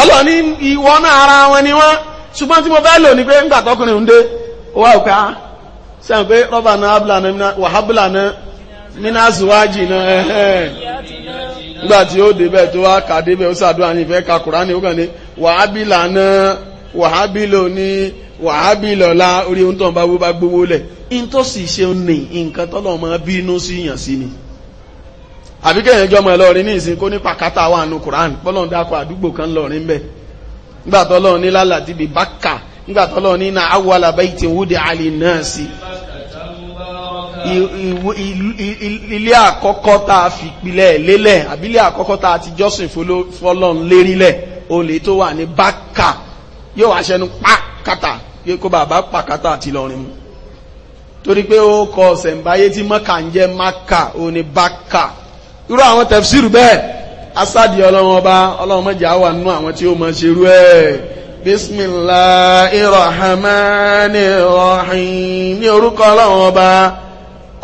ọlọ́ni ìwọ náà ara wọn ni wọ́n ṣùgbọ́n tí mo bẹ́ lò ní pé ńgbà ń dé wà òkà sẹ́yìn pé rọ́bà náà abúlà náà náà mina zuwaji náà ńgbà ó débẹ̀ tó wá kà débẹ̀ ó sàdúrà ní ìfẹ́ ní wàhábìlà náà wàhábìlò ní orí bá gbówó lẹ̀ àbí kẹ́yìn ẹjọ́ ẹ ẹlọrin ní ìsìn kó ní pàkátà wà nù Quran bọ́lọ̀ dákọ̀ àdúgbò kan lọ́rin bẹ́ẹ̀ nígbàtọ́ ní bákà ní na awu alaba wudi ali nasi ilé àkọ́kọ́ tá a fi pilẹ̀ lélẹ̀ àbí ilé àkọ́kọ́ tá a ti jọ́sìn lérílẹ̀ olè tó wà ní bákà yóò pàkátà kó bàbá pàkátà mu torí pé ó kọ ọ̀sẹ̀ tí mọ́kà ń irú àwọn tafsir bẹ́ẹ̀ asadi ọlọ́run ọba ọlọ́run mọ̀jà wà nínú àwọn tí ó mọ̀ ṣe irú ẹ̀ bismillahirrahmanirrahim ní orúkọ ọlọ́run ọba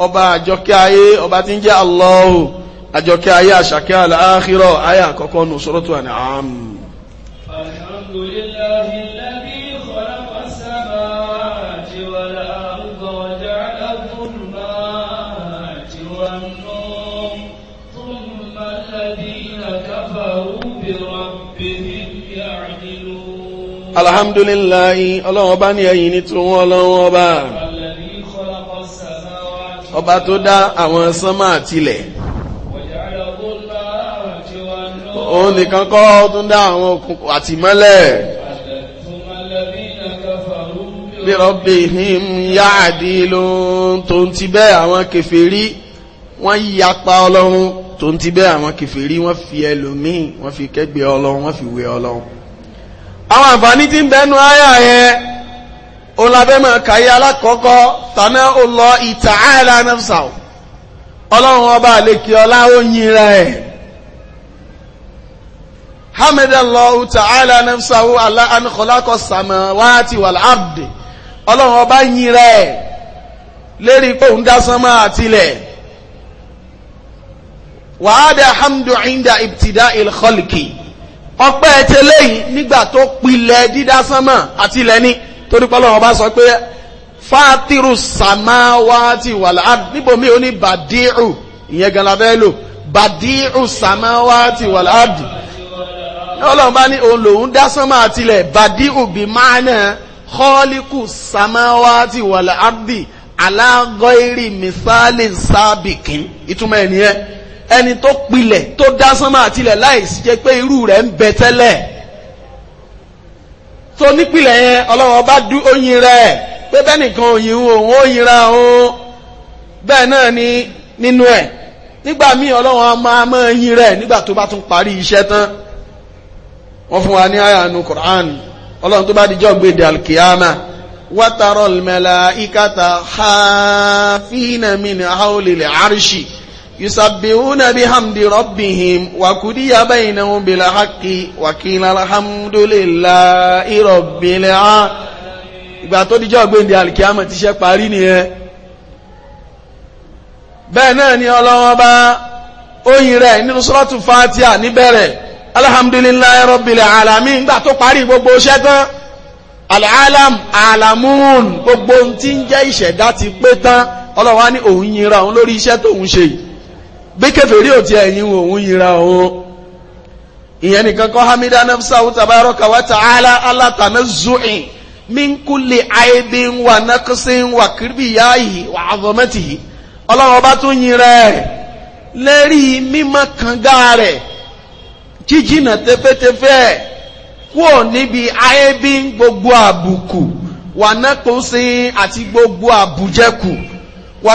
ọba àjọkẹ́ ayé ọba tí ń jẹ́ Allahu àjọkẹ́ ayé àṣàkẹ́ al ayé àkọ́kọ́ nù suratu An'am. alhamdulillah. alhamdulillahi ọlọ́run ọba ní ẹ̀yìn ní tó wọ́n ọlọ́run ọba ọba tó dá àwọn sánmà àtilẹ̀ òun nìkan kọ́ tó dá àwọn òkùnkùn àtìmọ́lẹ̀ bí rabbihim ya'dilun tó ń ti bẹ́ẹ̀ àwọn kèfèrí wọ́n yapa ọlọ́run tó ń ti bẹ́ẹ̀ àwọn kèfèrí wọ́n fi ẹlòmíì wọ́n fi kẹ́gbẹ́ ọlọ́run wọ́n fi wé ọlọ́run àwọn àǹfààní tí ń bẹnu àyà yẹn olabẹ́mọ̀ kàyé alákọ̀ọ́kọ́ tàná ọlọ ìtààlà nafsa ọlọ́run ọba àlekè ọlá ó yinra ẹ̀ hamidallahu ta'ala nafsa ala an khalaqa samawati wal ardi ọlọ́run ọba yinra ẹ̀ lérí pé òun dá sánmọ́ àtilẹ̀ wàhádà hamdu inda ibtida il ọpẹ́ ẹtẹ lẹ́yìn nígbà tó pilẹ̀ dídá sánmà àti ilẹ̀ ní torí pé Ọlọ́run bá sọ pé fàtírù sàmáwáti wàlá níbòmí ó ní bàdíù ìyẹn gan labẹ́ lò bàdíù sàmáwáti wàlá àdì Ọlọ́run bá ní òun lòun dá sánmà àti ilẹ̀ bàdíù bí máàna kọ́ọ́líkù sàmáwáti wàlá àdì alágọ́ìrì mìsálì sábìkì ìtumọ̀ ẹ̀ nìyẹn ẹni tó pilẹ̀ tó dá sánmà àtilẹ̀ láìsí jẹ́ pé irú rẹ̀ ń bẹ tẹ́lẹ̀ tó nípìlẹ̀ yẹn ọlọ́wọ́ bá dú oyin rẹ̀ pé bẹ́nìkan oyin òun oyin ra òun bẹ́ẹ̀ náà ni nínú ẹ̀ nígbà míì ọlọ́wọ́ máa mọ́ oyin rẹ̀ nígbà tó bá tún parí iṣẹ́ tán wọ́n fún wa ní àyànú Qur'an ọlọ́run tó bá dijọ́ gbèdè alkiyama wátàrọ̀ mẹ́lá ikata ha fínàmínà haúlìlẹ̀ àríṣì يسبحون بحمد ربهم وكدي بينهم بالحق وكيل الحمد لله رب العالمين ìgbà tó díjọ́ gbéǹde alìkíámọ̀ ti ṣe parí nìyẹn bẹ́ẹ̀ náà ni Ọlọ́hun bá oyin rẹ̀ nínú sọ́rọ́tù Fatiha níbẹ̀rẹ̀ alhamdulillahi rabbil alamin ìgbà tó parí gbogbo iṣẹ́ al'alam alamun gbogbo tí ń jẹ́ ìṣẹ̀dá ti pé tán Ọlọ́hun ní òun yinra òun lórí iṣẹ́ tóun ṣe yìí bí kèfèrí ò òun yíra òun ìyẹn nìkan kọ́ hamida nafsa wa tabaraka wa ala alátànà zuin min kulli wa naqsin wa kirbiyahi wa azamatihi ọlọ́run ọba tún yin rẹ̀ lérí mímọ́ kanga rẹ̀ jíjìnà tẹ́fẹ́tẹ́fẹ́ níbi gbogbo àbùkù wa naqsin àti gbogbo àbùjẹ́kù wa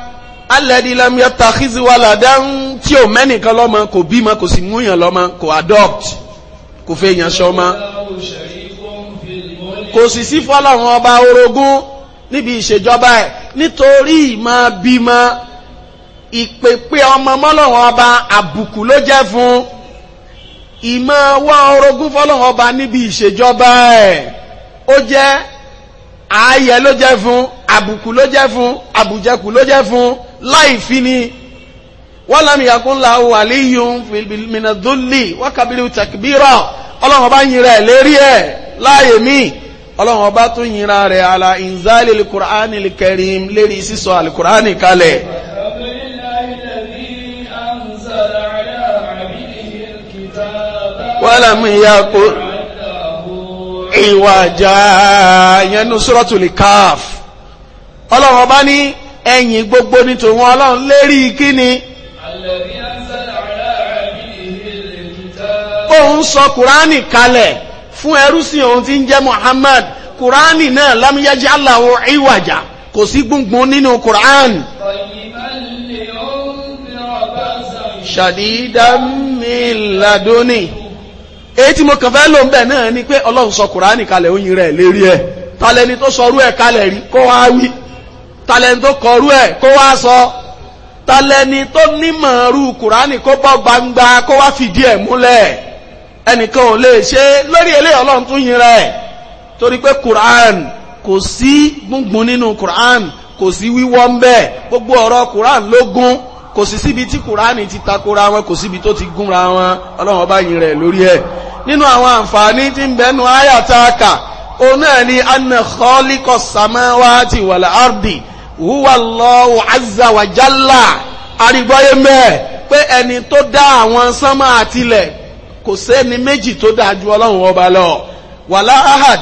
alẹ́dí lamia takizi walada ń tí ò mẹ́nìkan lọ́mọ kò bímọ kò sì múyàn lọ́mọ kò adopt kò fẹ́ yàn sọ́mọ. kò sì sí fọlọ́run ọba orogún níbi ìṣèjọba ẹ̀ nítorí ìmọ̀ bímọ ìpèpè ọmọ mọ́lọ́run ọba àbùkù ló jẹ́ fún ìmọ̀ wá orogún fọlọ́run ọba níbi ìṣèjọba ẹ̀ ó jẹ́ ààyè ló jẹ́ fún àbùkù ló jẹ́ fún àbùjẹkù ló jẹ́ fún láìfi ni wọ́n lámì yàgùn la wàlíyùn mìnàdúlì wákàbílì tàkbírà ọlọ́run ọba yin rẹ̀ lérí ẹ̀ láàyè mí ọlọ́run ọba tún yin kẹrin lérí sísọ ìwàjà ìyẹn nu suratul Kaf ọlọ́run ọba ní ẹ̀yìn gbogbo nítorí wọn ọlọ́run lérí kíni. òun sọ kùránì kalẹ̀ fún ẹrúsìn òun tí ń jẹ́ Muhammad kùránì náà lámúyájí aláwọ̀ ìwàjà kò sí gbùngbùn nínú kùránì. ṣàdídàmí ladóní. èyí tí mo kàn fẹ́ lò bẹ̀ náà ni pé ọlọ́run sọ kùránì kalẹ̀ oyin rẹ̀ lérí ẹ̀ talẹ́ni tó sọrú ẹ̀ kalẹ̀ rí kó wá wí talẹ́ni tó kọrú ẹ̀ kó wá sọ talẹ́ni tó nímọ̀ rú kùránì kó bọ́ gbangba kó wá fìdí ẹ̀ múlẹ̀ ẹnìkan ò lè ṣe lórí eléyìí ọlọ́run tún yin rẹ̀ torí pé kùránì kò sí gbùngbùn nínú kùránì kò sí wíwọ́ ń bẹ̀ gbogbo ọ̀rọ̀ kùránì lógún kò sí síbi tí kùránì ti takora wọn kò síbi tó ti gúnra wọn ọlọ́run ọba yìn rẹ̀ lórí ẹ̀ nínú àwọn àǹfààní tí ń bẹnu ayataka òun náà ni anna khaliqa samawati wal ardi huwa Allahu azza wa mẹ́ẹ̀ pé ẹni tó dá àwọn sánmà àtilẹ̀ kò sẹ́ni méjì tó dáa ju ọlọ́run ọba lọ wàlá ahad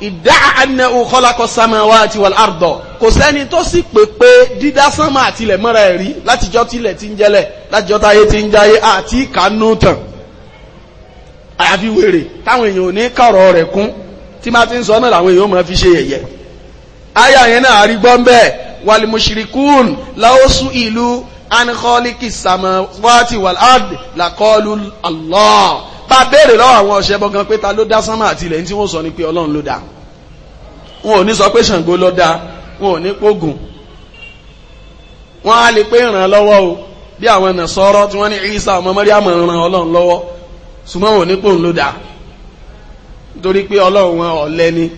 ìdá anna khalaqa samawati wal ardi kò sẹ́ni tó sì pè pé dídá sánmà àtilẹ̀ mọ́ra ẹ̀ rí látijọ́ tilẹ̀ ti ń jẹ́lẹ̀ látijọ́ táyé ti ń jáyé àti ìkànnú tàn àyàfi wèrè táwọn èèyàn ò ní kọ̀rọ̀ rẹ̀ kún tí má ti ń sọ náà làwọn èèyàn ò máa fi ṣe yẹ̀yẹ́ àyà yẹn náà àrígbọ́n bẹ́ẹ̀ walimushirikun laosu ìlú anikọ́líkì samawati walad lakọ́lu allah bá béèrè lọ́wọ́ àwọn ọ̀ṣẹ́ bọ́gan pé ta ló dá sánmà àtilẹ̀ ní tí wọ́n sọ ni pé ọlọ́run ló dá wọn ò ní sọ pé ṣàǹgó ló dá wọn ò ní pógùn wọn á lè pé ìrànlọ́wọ́ o bí àwọn ẹ̀nà sọ́rọ́ tí wọ́n ní Isa ọmọ Màríàmù ràn ọlọ́run lọ́wọ́ ṣùgbọ́n wọn ò ní póhùn ló nítorí pé ọlọ́run wọn ni.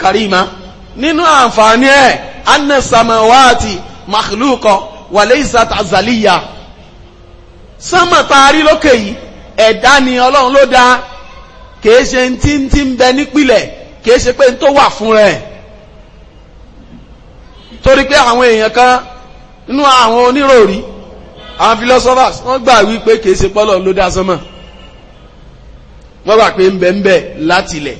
karima nínú àǹfààní anna taari lókè yìí ẹ̀dá ni ọlọ́run ló bẹ nípìlẹ̀ kìí ṣe pé n tó wà fún rẹ̀ torí pé àwọn èèyàn kan nínú àwọn oníròrí àwọn philosophers wọ́n gbà wípé kìí ṣe pọ́lọ̀ ló dá sánmọ̀ wọ́n gbà pé ń bẹ ń bẹ látilẹ̀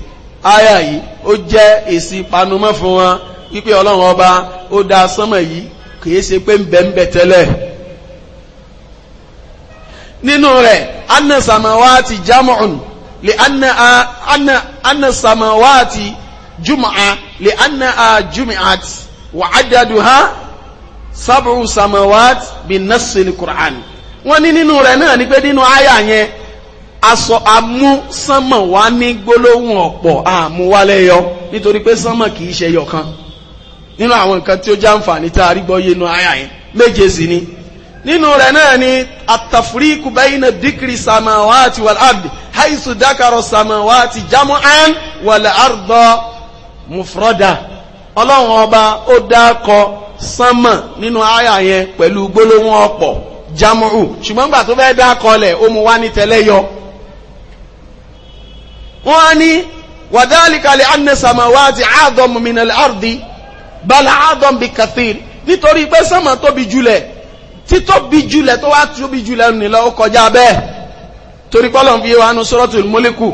áyà yìí ó jẹ́ èsì panumọ́ fún wọn wípé ọlọ́run ọba ó dá sánmọ̀ yìí kìí ṣe pé ń bẹ ń bẹ tẹ́lẹ̀ nínú rẹ̀ anna samawati jamun لأن أن أن السماوات جمعة لأنها جمعت وعددها سبع سماوات بالنص القرآن wọ́n ní nínú rẹ̀ náà ni pé nínú àyà yẹn aṣọ amúsánmọ̀ wá ní gbólóhùn ọ̀pọ̀ àmúwálẹ́yọ nítorí pé sánmọ̀ kìí ṣe yọkan nínú àwọn nǹkan tí ó jẹ́ àǹfààní tá a rí gbọ́ yé nínú àyà yẹn méje sì ni nínú rẹ̀ náà ni àtàfúríkù bayna díkìrì samawati wal ardi haisu dákàrọ̀ samawati jamu'an wal arda mufroda ọlọ́run ọba ó dákọ sánmà nínú àyà yẹn pẹ̀lú gbólóhùn ọ̀pọ̀ jamu'u ṣùgbọ́n gbà tó fẹ́ dákọ lẹ̀ ó mu wá ní tẹ́lẹ́yọ wọ́n á ní wàdálìkà lè anna samawati àádọ́mù minal ardi bala àádọ́mù bi nítorí pé sánmà tóbi jùlẹ̀ títóbi jùlẹ̀ tó wá tóbi jùlẹ̀ nílọ ó kọjá bẹ́ẹ̀ torí pọ́lọ̀ fi wá nu suratul Mulku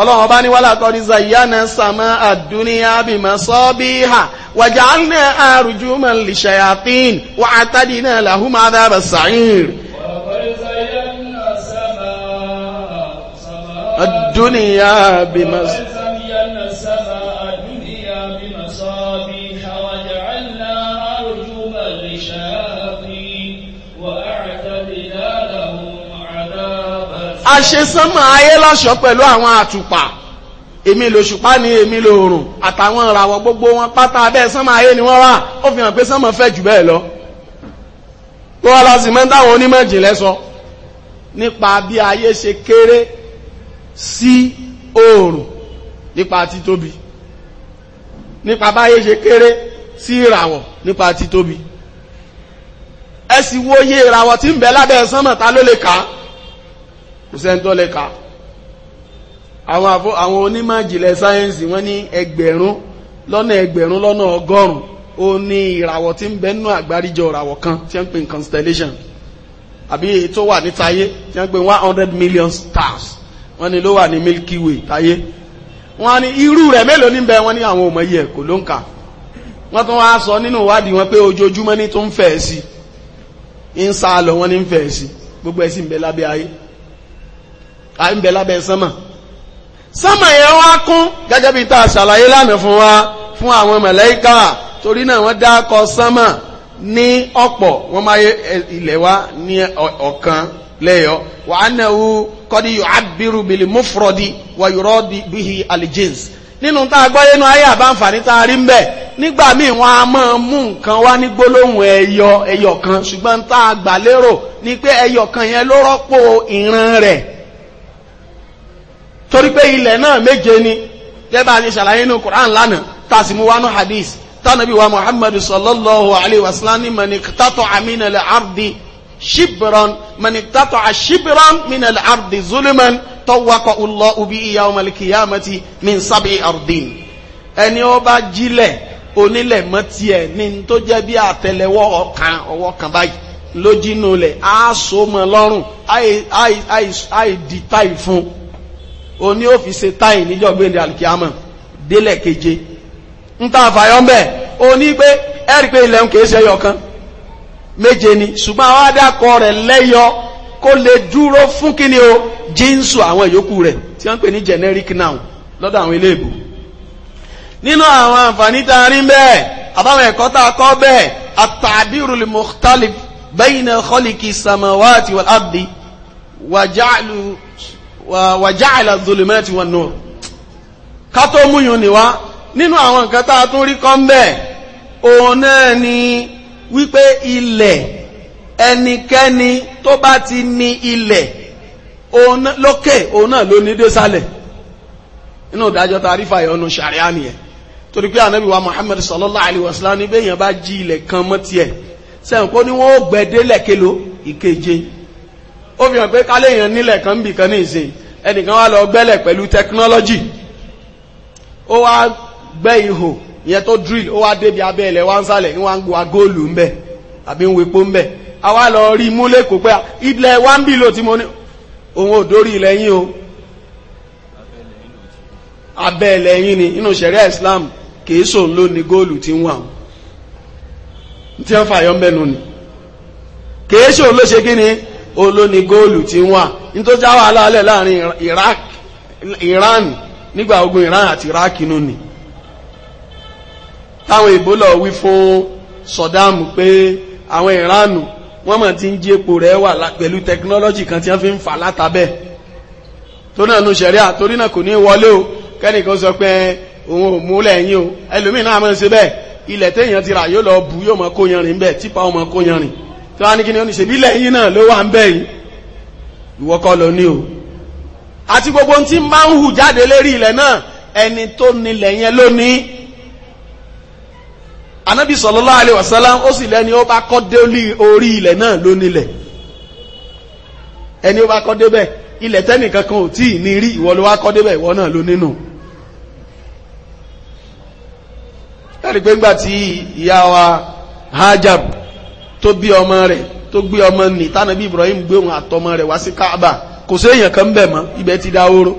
ọlọ́run ọba ní wàhálà kọ́ ní zayyana sàmà àdúníyà bímọ sọ́bíhà wàjàánà àrùjúmọ̀ lìṣẹ̀yàfín wà átàdínà làhùmà àdàbà sàír. àdúníyà bímọ a ṣe sánmọ̀ ayé lọ́ṣọ̀ọ́ pẹ̀lú àwọn àtùpà èmi lòṣùpá ni èmi lòòrùn àtàwọn ìràwọ̀ gbogbo wọn pátá abẹ́ sánmọ̀ ayé ni wọ́n wà ó fi hàn pé sánmọ̀ fẹ̀ jù bẹ́ẹ̀ lọ tó wọ́n lọ sí mẹ́ntàwọn onímọ̀ ìjìnlẹ̀ sọ nípa bí ayé ṣe kéré sí òòrùn nípa títóbi nípa báyé ṣe kéré sí ìràwọ̀ nípa títóbi ẹ sì wòye ìràwọ̀ tí ń bẹ lábẹ́ sánmọ̀ ta ló lè kàá kò sẹ́ńtọ́ lẹ́ka àwọn àfọ àwọn onímọ̀ ìjìnlẹ̀ sáyẹ́ǹsì wọ́n ní ẹgbẹ̀rún lọ́nà ẹgbẹ̀rún lọ́nà ọgọ́rùn-ún ó ní ìràwọ̀ tí ń bẹ nínú àgbáríjọ ìràwọ̀ kan tí wọ́n ń pè ní constellation àbí èyí tó wà ní tayé tí wọ́n ń pè ní one hundred million stars wọ́n ní ló wà ní milky way tayé wọ́n ní irú rẹ̀ mélòó ní bẹ wọ́n ní àwọn ọmọ yẹ kò ló ń kà wọ́n tún wá sọ nínú ìwádìí wọn pé ojoojúmọ́ ní tó ń fẹ̀ sí ń sá lọ wọ́n ní ń fẹ̀ sí gbogbo ẹ̀ sì ń bẹ lábẹ́ ayé a ń bẹ lábẹ́ sánmà sánmà yẹn wá kún gẹ́gẹ́ bí a ṣàlàyé lánàá fún wa fún àwọn torí náà wọ́n dákọ sánmà ní ọ̀pọ̀ wọ́n máa yẹ ilẹ̀ wa ní ọ̀kan lẹ́yọ wà á nà kọ́dí yóò bìlì wà yóò nu ayé àbáǹfààní tá a rí ń bẹ̀ nígbà míì wọn a máa kan ṣùgbọ́n tá a gbà kan yẹn ló rọ́pò ìran torí pé ilẹ̀ náà méje ni gẹ́bà ni ṣàlàyé inú Qur'an lánàá tààsì mú wánú hadith tánàbí wa Muhammadu sallallahu alayhi wa sallam ní manikitatọ̀ aminala ardi shibran manikitatọ̀ shibran minala ardi zulman tọ́wakọ̀ ulọ ubi iya omalikiyamati min sábì ardin ẹni ó bá jílẹ̀ onílẹ̀ mọ́tiẹ̀ ní tó jẹ́ bí àtẹlẹwọ́ ọ̀kan ọwọ́ kan báyìí lójínú lẹ̀ á so mọ́ lọ́rùn àìdí táì fún o ní ó fi ṣe táì níjọ́gbélé alkiyama délẹ̀ keje ń tà fàyọ́ ń o ní pé ẹ̀rí pé ilẹ̀ ń kèé ṣe kan méje ni ṣùgbọ́n àwọn adákọ̀ rẹ̀ lẹ́yọ kó lè dúró fún kí ni o jíǹsù àwọn ìyókù rẹ̀ tí wọ́n ń pè ní generic noun lọ́dọ̀ àwọn ilé ìbò nínú àwọn àǹfààní tá a rí bẹ́ẹ̀ àbáwọn ẹ̀kọ́ tá a kọ́ bẹ́ẹ̀ samawati wal ardi wàjáàlá zulumati wan nur ká tó múyùn níwá nínú àwọn nǹkan tá a tún rí kọ́ mbẹ́ òun náà ni wípé ilẹ̀ ẹnikẹ́ni tó bá ti ní ilẹ̀ lókè òun náà ló ní désàlẹ̀ inú ìdájọ́ tàrífà ìyọnu sàríà nìyẹn torí pé ànábì wa Muhammad sallallahu alaihi wasallam ní bẹ́yàn bá jí ilẹ̀ kan mọ́ tiẹ̀ sẹ́yìn kó ní wọ́n ó gbẹ́délẹ̀ kélo ìkeje ó fi hàn pé kálẹ̀ èèyàn nílẹ̀ kan bì kan ní ìsìn ẹnìkan wá lọ gbẹ́lẹ̀ pẹ̀lú technology ó wá gbẹ́ ihò ìyẹn tó drill ó wá débi abẹ́ ilẹ̀ wá ń sálẹ̀ ń wá ń gba góòlù ńbẹ̀ àbí ń wepo ńbẹ̀ a wá lọ rí múlẹ̀ kó pé ilẹ̀ wá ń bì ló ti mo ní òun ò dórí ilẹ̀ yín o abẹ́ ilẹ̀ yín ni inú ṣẹ̀ríà Islam kìí sòun ló ní góòlù tí ń wà wọn tí wọ́n fàyọ́ ń bẹ́nu ni kìí sòun ló ṣe kí ni olóni góòlù tí wọ́n nítorí já wà láàlẹ̀ láàrin Iraq Iran nígbà ogun Iran àti Iraq inú ni táwọn ìbò wí fún Saddam pé àwọn Iran wọ́n mọ̀ tí ń jí epo rẹ̀ wà pẹ̀lú tẹkinọ́lọ́jì kan tí wọ́n fi ń fà látàbẹ̀ tó náà nu ṣẹ̀ríà torí náà kò ní wọlé o kẹ́nìkan sọ pé òun ò múlẹ̀ yín o ẹlòmíì náà ṣe bẹ́ẹ̀ ilẹ̀ téèyàn ti rà yóò lọ bù yóò mọ kó yanrìn bẹ́ẹ̀ típa ọmọ kó yanrìn tó wá ní kí ni ó ní ṣèbílẹ̀ yìí náà ló wà ń bẹ̀ yìí ìwọ́kọ́ lọ ní o àti gbogbo tí ń bá ń hù jáde lérí ilẹ̀ náà ẹni tó nílẹ̀ yẹn lónìí anábì sallallahu alaihi wasallam ó sì lẹ́ni ó bá kọ́ dé orí ilẹ̀ náà lónílẹ̀ ẹni ó bá kọ́ débẹ̀ ilẹ̀ tẹ́nìkan kan ò tí ní rí ìwọ ló wá kọ́ débẹ̀ ìwọ náà ló nínú ẹ̀rí pé ńgbà tí ìyá wa hajab tó bí ọmọ rẹ̀ tó gbé ọmọ nì tánàbí Ibrahim gbé òun àtọmọ rẹ̀ wá sí Káàbà kò sí èèyàn kan bẹ̀ mọ́ ibẹ̀ ti dá oró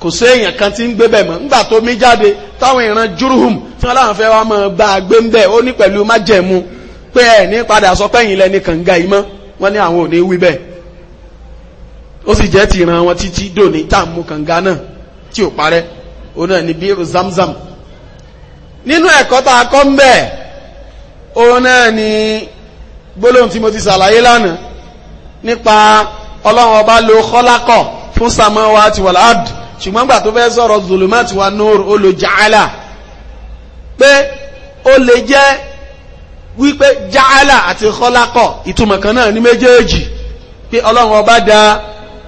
kò sí èèyàn kan tí ń gbé bẹ̀ mọ́ ńgbà tó mí jáde táwọn ìran Jurhum tí wọ́n láwọn fẹ́ wá mọ́ bá a gbé ń bẹ̀ ó ní pẹ̀lú májẹ̀mú pé ẹ̀ ní padà sọ pẹ́yìn lẹ́ni kànga yìí mọ́ wọ́n ní àwọn ò ní wí bẹ́ẹ̀ ó sì jẹ́ ti ìran wọn títí dòní tààmú kànga náà tí ò parẹ́ òun náà ní bí Zamzam nínú ẹ̀kọ́ tá a kọ́ ń bẹ́ẹ̀ òun náà ni gbólóhùn tí mo ti ṣàlàyé lánàá nípa ọlọ́run ọba lo kọ́lákọ̀ fún samawa ti wà láàd ṣùgbọ́n gbà tó fẹ́ sọ̀rọ̀ zuluma ti wà nóòrò ó lo jàálà pé ó lè jẹ́ wípé jàálà àti kọ́lákọ̀ ìtumọ̀ kan náà ní méjèèjì pé ọlọ́run ọba da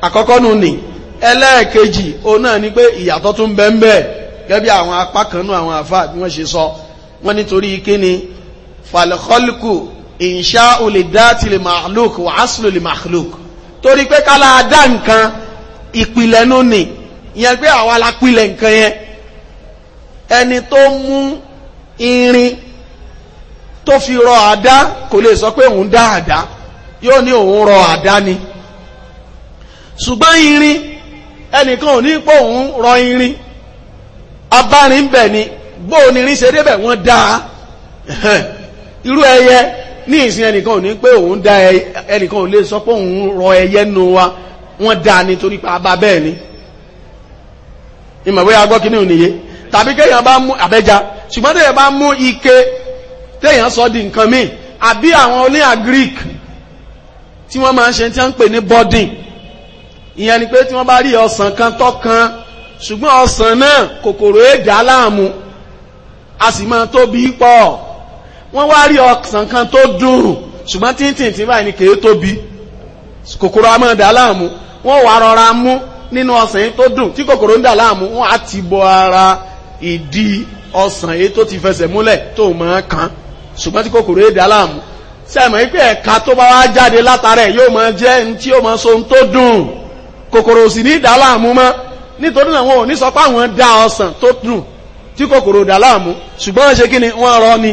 àkọ́kọ́ nù ní ẹlẹ́ẹ̀kejì òun náà ni pé ìyàtọ̀ tún bẹ́ẹ̀ bẹ́ẹ̀ gẹ́gẹ́ bí àwọn apá kan nú àwọn àfáà bí wọ́n ṣe sọ wọ́n nítorí kíni falkholku insha olidati le mahluk wa aslu le mahluk torí pé kálá dá nǹkan ìpìlẹ̀ nù ni ìyẹn pé àwa la pilẹ̀ nǹkan yẹn ẹni tó mú irin tó fi rọ àdá kò lè sọ pé òun dá àdá yóò ní òun rọ àdá ni ṣùgbọ́n irin ẹnìkan ò ní pé òun rọ irin abárin bẹ̀ ni bó onírin ṣe débẹ̀ wọ́n dá a irú ẹyẹ ní ìsìn ẹnìkan ò ní pé òun dá ẹnìkan ò lè sọ pé òun rọ ẹyẹ nù wa wọ́n dá ní torí pa bá bẹ́ẹ̀ ni ìmọ̀wé agbọ́ kìíní ò níye tàbí kéèyàn bá mú àbẹ́já ṣùgbọ́n téèyàn bá mú ike téèyàn sọ di nǹkan míì àbí àwọn oníhà Greek tí wọ́n máa ń ṣe tí wọ́n ń pè ní bọ́dìn ìyẹn ni pé tí wọ́n bá rí ọsàn kan tọ́kan ṣùgbọ́n ọsàn náà kòkòrò èdè aláàmú a sì máa tóbi pọ̀ wọ́n wá rí ọsàn kan tó dùn ṣùgbọ́n tíntìn tí báyìí ni kèé tóbi kòkòrò a máa dà láàmú wọ́n wá rọra mú nínú ọsàn yìí tó dùn tí kòkòrò ń dà láàmú wọ́n á ti bọ ara ìdí ọsàn yìí tó ti fẹsẹ̀ múlẹ̀ tó máa kàn ṣùgbọ́n tí kòkòrò yìí dà láàmú sẹ́mọ̀ yìí pé ẹ̀ka tó bá wá jáde látara ẹ̀ yóò máa jẹ́ ní tí yóò máa so ohun tó dùn kòkòrò sì ní dà láàmú mọ́ nítorí náà wọn ò ní sọ pé àwọn dá ọsàn tó dùn tí kòkòrò dà láàmú ṣùgbọ́n ṣe kí ni wọ́n rọ ni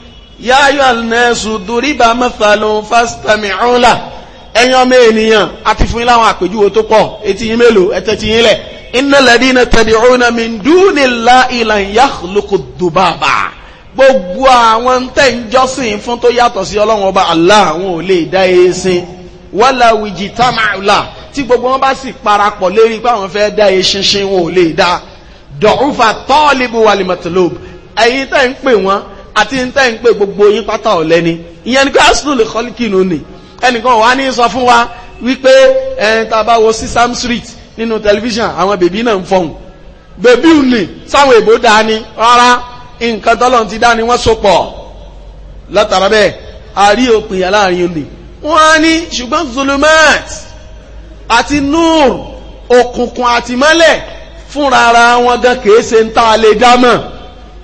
yá ayọ́ àlùnẹ́sù dùríbà mẹ́fàlù fásitàmì ọ̀la ẹ̀yin ọmọ ènìyàn àti fún yín láwọn àpèjúwe tó pọ̀ etí yín mélòó ẹ̀tẹ̀ tí yín lẹ̀ iná lẹ́dí iná tẹ̀lé ọ̀nà mi dúní la ìlànà yàlùkù dùbàbà gbogbo àwọn tẹ̀ ń jọ́sìn fún tó yàtọ̀ sí ọlọ́run ọba Allah àwọn ò lè dá e sin wọ́lá wìjì támàlà tí gbogbo wọn bá sì parapọ̀ lérí pé fẹ́ dá e ṣinṣin wọn ò lè dá dọ̀rúfà tọ́ọ̀lì àti ntẹ́ ń pè gbogbo yín pátá ọ̀lẹ́ ni ìyẹn ni pé asùnù lè kọ́lí kìnnù ni ẹnìkan wà ní sọ fún wa wípé ẹn tá a bá wo Sesame Street nínú tẹlifíṣàn àwọn bèbí náà ń fọhùn bèbí ò ní sáwọn èbó dání rárá nǹkan tọ́lọ̀ ti dání wọ́n so pọ̀ látara bẹ́ẹ̀ a rí òpìyà láàrin olè wọ́n á ní ṣùgbọ́n zulumat àti nur òkùnkùn àtìmọ́lẹ̀ fúnra ara wọn gan kèése ń tá a lè dá mọ̀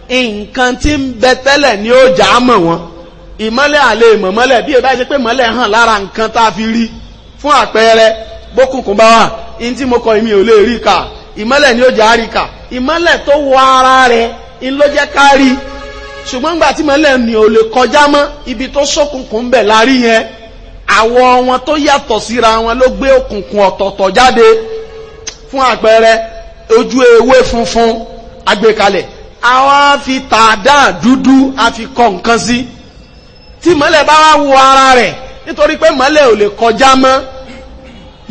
nǹkan tí ń bẹ tẹ́lẹ̀ ni ó jà á mọ̀ wọn ìmọ́lẹ̀ àlè ìmọ̀mọ́lẹ̀ bí ìbá ṣe pé mọ́lẹ̀ hàn lára nǹkan tá a fi rí fún àpẹẹrẹ bókùnkùn bá wà in tí mo kọ ìmí ò lè rí kà ìmọ́lẹ̀ ni ó jà á rí kà ìmọ́lẹ̀ tó wọ ara rẹ in ló jẹ́ ká rí ṣùgbọ́n nígbà tí mọ́lẹ̀ ni ò lè kọjá mọ́ ibi tó ṣókùnkùn bẹ̀ la rí yẹn àwọ̀ wọn tó yàtọ̀ síra wọn ló gbé òkùnkùn ọ̀tọ̀ọ̀tọ̀ jáde fún àpẹẹrẹ ojú ewé funfun agbékalẹ̀ àwọn fi tàdá dúdú a fi kọ nǹkan sí tí mọ́lẹ̀ bá wá wo ara rẹ̀ nítorí pé mọ́lẹ̀ ò lè kọjá mọ́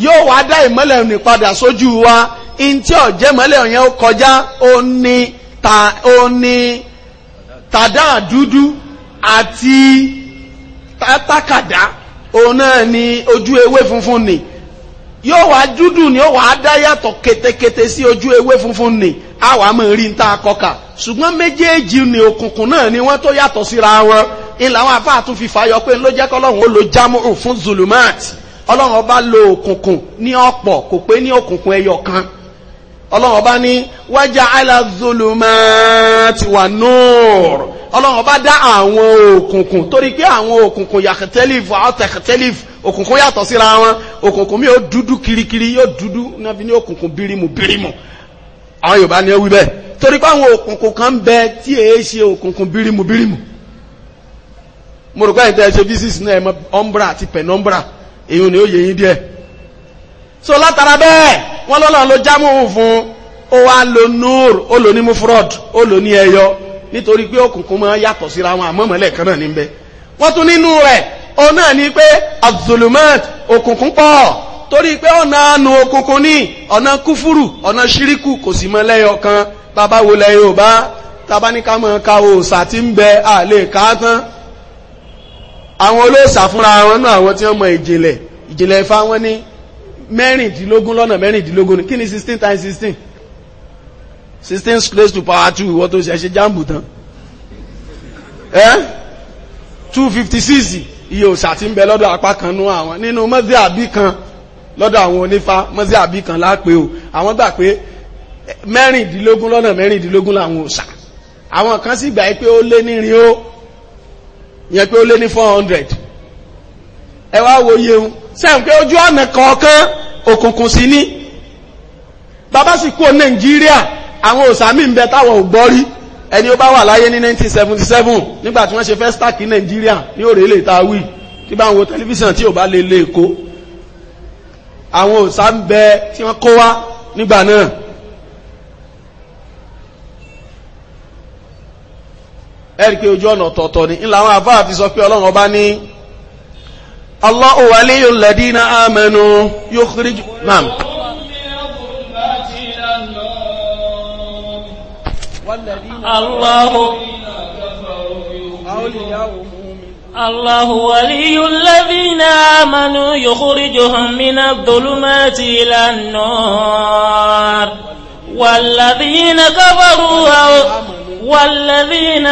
yóò wá dá ìmọ́lẹ̀ òní padà sójú wa in tí ọ̀jẹ́ mọ́lẹ̀ òyìn ó kọjá ó ní ta ó ní tàdá dúdú àti tákàdá òun náà ni ojú ewé funfun ni yóò wá dúdú ni ó wá dá yàtọ̀ ketekete sí ojú ewé funfun ni àwa máa rí ta kọkà ṣùgbọ́n méjèèjì ni òkùnkùn náà ni wọ́n tó yàtọ̀ síra wọn ilà àwọn afáà tún fi fàyọ pé ló jẹ́ kọ́lọ́hún ó lo jámùrù fún zulumat ọlọ́run ọba lo òkùnkùn ní ọ̀pọ̀ kò pé ní òkùnkùn ẹyọ kan ọlọ́run ọba ní wájà àìlà zulumat wà nóòr ọlọ́run ọba dá àwọn òkùnkùn torí pé àwọn òkùnkùn yàtẹ̀lif àtẹ̀tẹ̀lif òkùnkùn yàtọ̀ síra wọn òkùnkùn mi yóò dúdú kirikiri yóò dúdú náà fi ní òkùnkùn bírímù bírímù àwọn Yorùbá ni ó wí bẹ́ẹ̀ torí pé àwọn òkùnkùn kan bẹ tí èé ṣe òkùnkùn bírímù bírímù mo rò pé ẹ̀yin tẹ́ ẹ ṣe physics náà ẹ mọ̀ umbra àti penumbra èyí ni ó yẹ yín díẹ̀ so látara bẹ́ẹ̀ wọ́n lọ́lọ́ ló jámù fún ó wá lo nur ó lo ní mufrod ó lo ní ẹyọ nítorí pé òkùnkùn máa yàtọ̀ síra wọn àmọ́mọ́lẹ̀ kan náà ní bẹ wọ́n tún nínú rẹ̀ ó náà ní pé azulumat òkùnkùn pọ̀ torí pé ọ̀nà àánú òkùnkùn ní ọ̀nà kúfúrù ọ̀nà ṣíríkù kò sì mọ lẹ́yọ kan tábà wo lẹ Yorùbá tábà ní ká mọ̀ ká òòsà tí ń bẹ àlè ká tán àwọn olóòsà fúnra wọn náà àwọn tí wọ́n mọ ìjìnlẹ̀ ìjìnlẹ̀ ifá wọn ní mẹ́rìndínlógún lọ́nà mẹ́rìndínlógún kí ni sixteen times sixteen sixteen close to power two ìwọ́n tó ṣe jáàmù tán ẹ́ two fifty six iye òòsà tí ń bẹ lọ́dọ̀ apá kan nú àwọn nínú mọ́tí àbí kan lọ́dọ̀ àwọn onífá mọ́sí àbí kan lápé o àwọn gbà pé mẹ́rìndínlógún lọ́nà mẹ́rìndínlógún làwọn òòṣà àwọn kan sì gbà pé ó lé nírin ó yẹn pé ó lé ní 400 ẹ wá wo yeun sẹ́yìn pé ojú ọ̀nà kọ̀ọ̀kan òkùnkùn sí ní bàbá sì kúrò nàìjíríà àwọn òòṣà míì ń bẹ táwọn ò gbọ́ rí ẹni ó bá wà láyé ní 1977 nígbà tí wọ́n ṣe fẹ́ stark nàìjíríà ní òrèlè tá a wí tí bá wo tẹlifíṣàn tí ò bá lè lé èkó àwọn òsà ń bẹ tí wọ́n kó wá nígbà náà ẹ̀rí pé ojú ọ̀nà ọ̀tọ̀ọ̀tọ̀ ni ńlá àwọn àfáà fi sọ pé ọlọ́run ọba ní Allahu waliyul ladina amanu yukhrij naam Allahu الله ولي الذين آمنوا يخرجهم من الظلمات إلى النور والذين كفروا والذين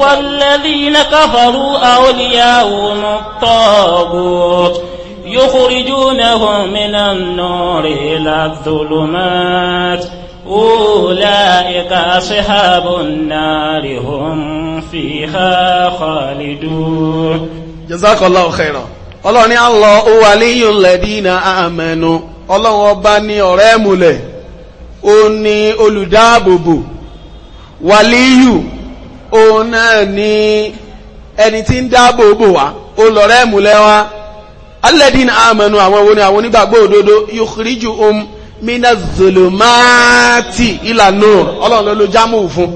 والذين كفروا أولياءهم الطاغوت يخرجونهم من النور إلى الظلمات أولئك أصحاب النار هم فيها خالدون جزاك الله خيرا ọlọ́run ní àlọ́ wàlíyù lẹ́dínà àmẹ́nu ọlọ́run ọba ní ọ̀rẹ́ múlẹ̀ ó ní olùdáàbòbò wàlíyù òun náà ní ẹni tí ń dáàbòbò wá ó lọ́rẹ́ múlẹ̀ wá alẹ́dínà àmẹ́nu àwọn wo ni àwọn onígbàgbọ́ òdodo yóò ríjú ohun mina zolomaati ila nur ọlọ́run ló jámù fún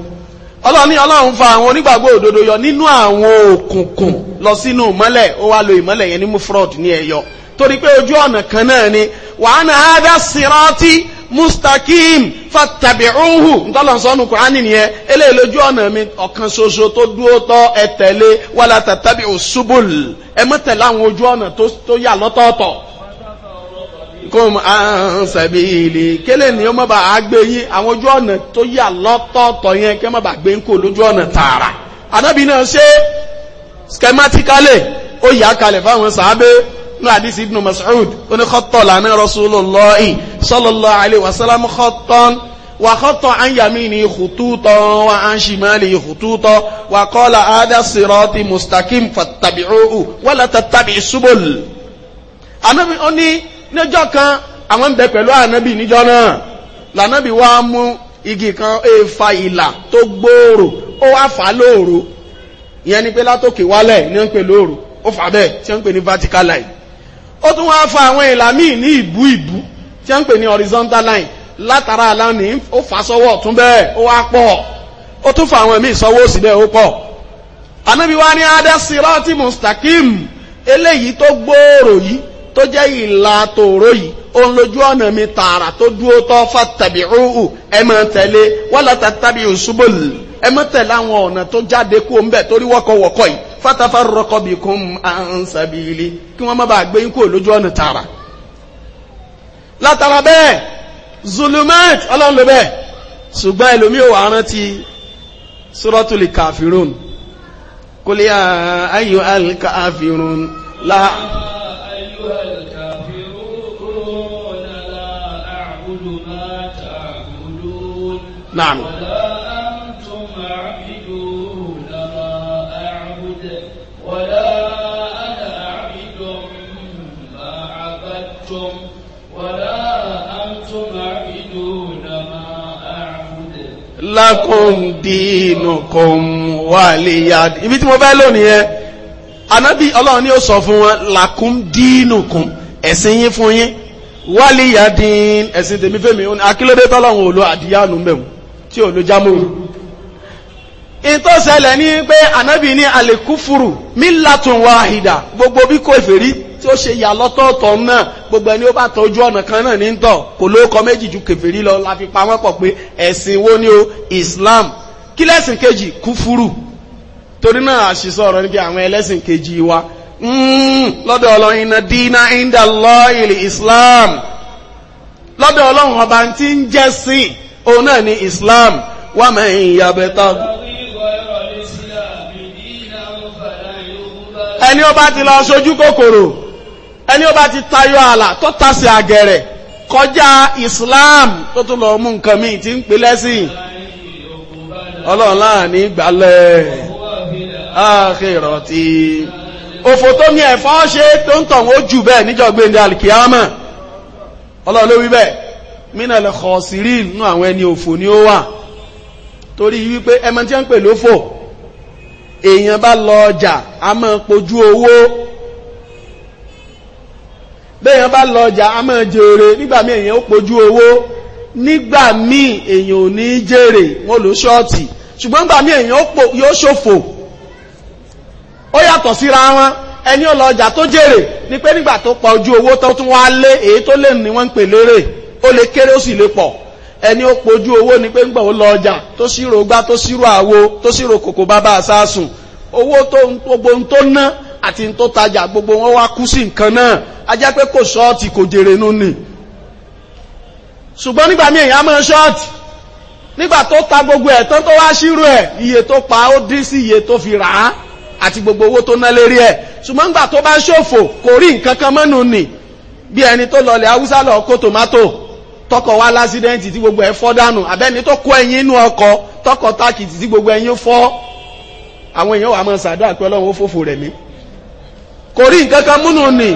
ọlọ́run ní ọlọ́run fa àwọn onígbàgbọ́ òdodo yọ nínú àwọn òkùnkùn lọ sínú ìmọ́lẹ̀ ó wá lo ìmọ́lẹ̀ yẹn ní mufrod ní ẹ̀yọ torí pé ojú ọ̀nà kan náà ni wàhánà ádá sirati mustakim fattabi'uhu ntọ́lọ̀ sọ́nù kùránì nìyẹn eléyìí lójú ọ̀nà mi ọ̀kan ṣoṣo tó dúró tọ́ ẹ tẹ̀lé wàlá tàtàbí òṣùbùl ẹ mọ́ tẹ̀lé àwọn ojú ọ̀nà tó yà lọ́tọ̀ọ̀tọ̀ kùn àǹsàbìlì kélé ni ó má bàa gbé yín àwọn ojú ọ̀nà tó yà lọ́tọ̀ọ̀tọ̀ yẹn kẹ́ má bàa gbé ń kó lójú ọ̀nà tààrà anábì náà ṣe schematically ó yà kalẹ̀ fáwọn sàábé ní àdìsí ibn Mas'ud ó ní kọ́tọ̀ lànà Rasulullahi sallallahu alaihi wasallam kọ́tọ̀ wà kọ́tọ̀ an yamini khututọ̀ wà an shimali khututọ̀ wà qala hadha sirati mustaqim fattabi'uhu wala tattabi'us subul anábì ó ní níjọ́ kan àwọn ń bẹ pẹ̀lú ànábì níjọ́ náà lànábì wá mú igi kan èèfà ìlà tó gbòòrò ó wá fà á lóòrò ìyẹn ni pé látòkè wálẹ̀ ni ń pè lóòrò ó fà bẹ́ẹ̀ tí ń pè ní vertical line ó tún wá fa àwọn ìlà míì ní ìbú ìbú tí ń pè ní horizontal line látara aláàní ó fà sọ́wọ́ ọ̀tún bẹ́ẹ̀ ó wá pọ̀ ó tún fa àwọn míì sọ́wọ́ òsì bẹ́ẹ̀ ó pọ̀ ànábì wá ní adásírọ́tì mustakim eléyìí tó gbòòrò yìí tó jẹ́ ìlà tòró yìí òun lójú ọ̀nà mi tààrà tó dúró tọ́ fattabi'uhu ẹ máa tẹ̀lé wala tattabi'u subul ẹ máa tẹ̀lé àwọn ọ̀nà tó jáde kú ń bẹ̀ torí wọ́kọ̀wọ́kọ̀ yìí fatafarraqa bikum an sabili kí wọ́n má bàa gbé yín lójú ọ̀nà tààrà. látara bẹ́ẹ̀ zulumat ọlọ́run ṣùgbọ́n ẹlòmíì ò wá rántí نعم ولا أنتم عبدون ما أعبد ولا أنا عبد ما عبدتم ولا أنتم عبدون ما أعبد لكم دينكم ولي دين ibi tí mo fẹ́ lónìí yẹn anábì ọlọ́run ni ó sọ fún wọn lakum dinukum ẹ̀sìn yín fún yín wálé ẹ̀sìn tèmi fèmí akílódé tọ́lọ́run ò lo àdíyànú mẹ́wọ̀n tí ò ló jámù in tó ṣẹlẹ̀ ní pé ànábì ní alekúfùrù mílàtún wahida gbogbo bí kò fèrí tí ó ṣe yà lọ́tọ̀ọ̀tọ̀ náà gbogbo ẹni ó bá tọ ojú ọ̀nà kan náà ní tọ̀ kò ló kọ méjì ju kèfèrí lọ la fi pamọ́ pọ̀ pé ẹ̀sìn wo ni o Islam kí lẹ́sìn kejì kúfùrù torí náà àṣìṣọ ọ̀rọ̀ níbi àwọn ẹlẹ́sìn kejì wa hmm, lọ́dọ̀ ọlọ́run iná dínà inda Allah il Islam lọ́dọ̀ ọlọ́run ọba tí ń jẹ́ sìn òun náà ni Islam wa man yabtaghi ẹni ó bá ti lọ sojú kòkòrò ẹni ó bá ti tayọ ààlà tó tasẹ̀ àgẹ̀rẹ̀ kọjá Islam tó tún lọ mú nǹkan míì tí ń pè lẹ́sìn ọlọ́run láàrin ìgbàlẹ̀ àkèrọ̀tì òfò tó ní ẹ̀fọ́ ṣe tó ń tọ̀wọ́ jù bẹ́ẹ̀ níjọ́ gbẹ̀ndẹ̀ alìkìyàmọ̀ ọlọ́run ló wí bẹ́ẹ̀ mínàlẹ̀ kọ̀ọ̀sìrí nú àwọn ẹni òfò ni ó wà torí wípé ẹmọ tí a ń pè lófò èèyàn bá lọ ọjà a máa pojú owó béèyàn bá lọ ọjà a máa jèrè nígbà míì èèyàn ó pojú owó nígbà míì èèyàn ò ní jèrè wọn ló ṣọ́ọ̀tì ṣùgbọ́n nígbà èèyàn yóò ṣòfò ó yàtọ̀ síra wọn ẹni ó ọjà tó jèrè ni pé nígbà tó pa ojú owó tó tún wá lé èyí tó lè ní wọ́n ń pè lérè ó lè kéré ó sì lè pọ̀ ẹni ó pojú owó ni pé ń gbọ̀ ó lọ ọjà tó ṣírò gbá tó ṣírò àwo tó ṣírò kòkó bàbá àsáàsùn owó tó gbogbo ń tó ná àti ń tó tajà gbogbo wọn wá kú sí nǹkan náà ajá pé kò ṣọ́ọ̀tì kò jèrè nù ni ṣùgbọ́n nígbà míì èèyàn máa ṣọ́ọ̀tì nígbà tó ta gbogbo ẹ̀ tán tó wá ṣírò ẹ̀ iye tó pa ó dín sí iye tó fi rà á àti gbogbo owó tó ná lérí ẹ̀ ṣùgbọ́n nígbà tó bá ṣòfò kò rí nǹkan kan mọ́nù ni bí ẹni tó lọlẹ̀ haúsá lọ kó tòmátò tọkọ̀ wá lásìdẹ́ǹtì tí gbogbo ẹ fọ́ dànù àbẹ́ni tó kọ ẹyin inú ọkọ tọkọ̀ tákìtì tí gbogbo ẹyin fọ́ àwọn èèyàn wà máa ṣàdúrà pé ọlọ́run ó fòfò rẹ̀ mí kò rí nǹkan kan múnú nì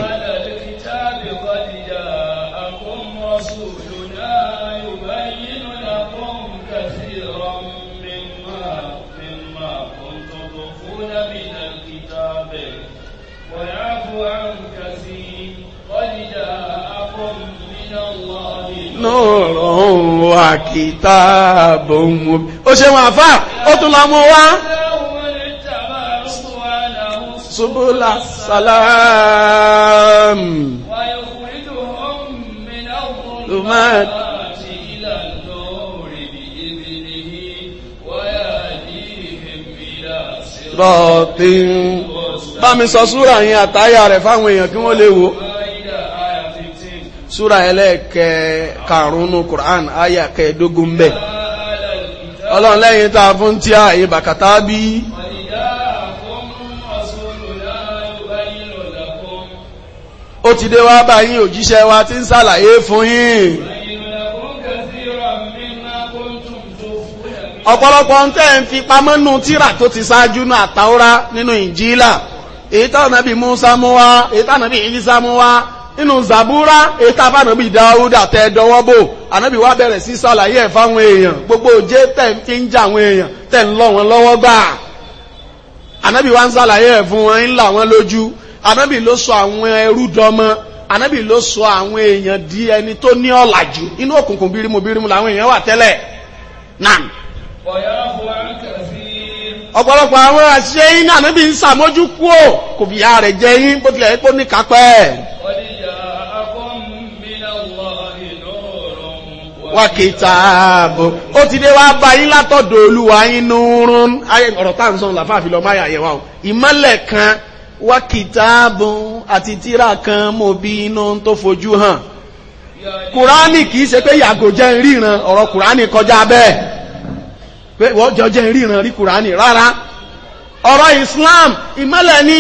nùrùn wà kìtàbù mú ó ṣe wọn àfá ó tún la mú wá ṣubúlá sàlám rọ̀tí bá mi sọ súra yìí àtàyà rẹ̀ fáwọn èèyàn kí wọ́n lè wò sura ẹlẹ́ẹ̀kẹ́ karùn-ún Qur'an ayà kẹẹ̀dógún bẹ̀ ọlọ́run lẹ́yìn tá a fún tí a ìbàkàtà bí ó ti dé wá báyìí òjíṣẹ́ wa ti ń ṣàlàyé fún yín ọ̀pọ̀lọpọ̀ tẹ́ ń fi pamọ́ nù tíra tó ti inu zabura ètò àfànàbí dáúdà tẹ dọwọ́ bò ànábì wá bẹ̀rẹ̀ sí sàlàyé ẹ̀ fáwọn èèyàn gbogbo òjé tẹ̀ fi ń jà àwọn èèyàn tẹ̀ ń lọ wọn lọ́wọ́ gbà ànábì wá ń sàlàyé ẹ̀ wọn ń là wọn lójú ànábì ló sọ àwọn ẹrú dọmọ ànábì ló sọ àwọn èèyàn di ẹni tó ní ọ̀làjú inú òkùnkùn bírímù bírímù làwọn èèyàn wà tẹ́lẹ̀ nam. ọ̀pọ̀lọpọ̀ wà kìtàbù ó ti dé wá bá yín látọ̀dọ̀ olúwa yín nùrún ayé ọ̀rọ̀ tá à ń sọ làfà àfilọ́ máyà yẹn wà o ìmọ́lẹ̀ kan wà kìtàbù àti tíra kan mo bí inú tó fojú hàn kùránì kì í ṣe pé yàgò jẹ́ ń ríran ọ̀rọ̀ kùránì kọjá bẹ́ẹ̀ pé wọ́n jọ jẹ́ ń ríran rí Islam imale ni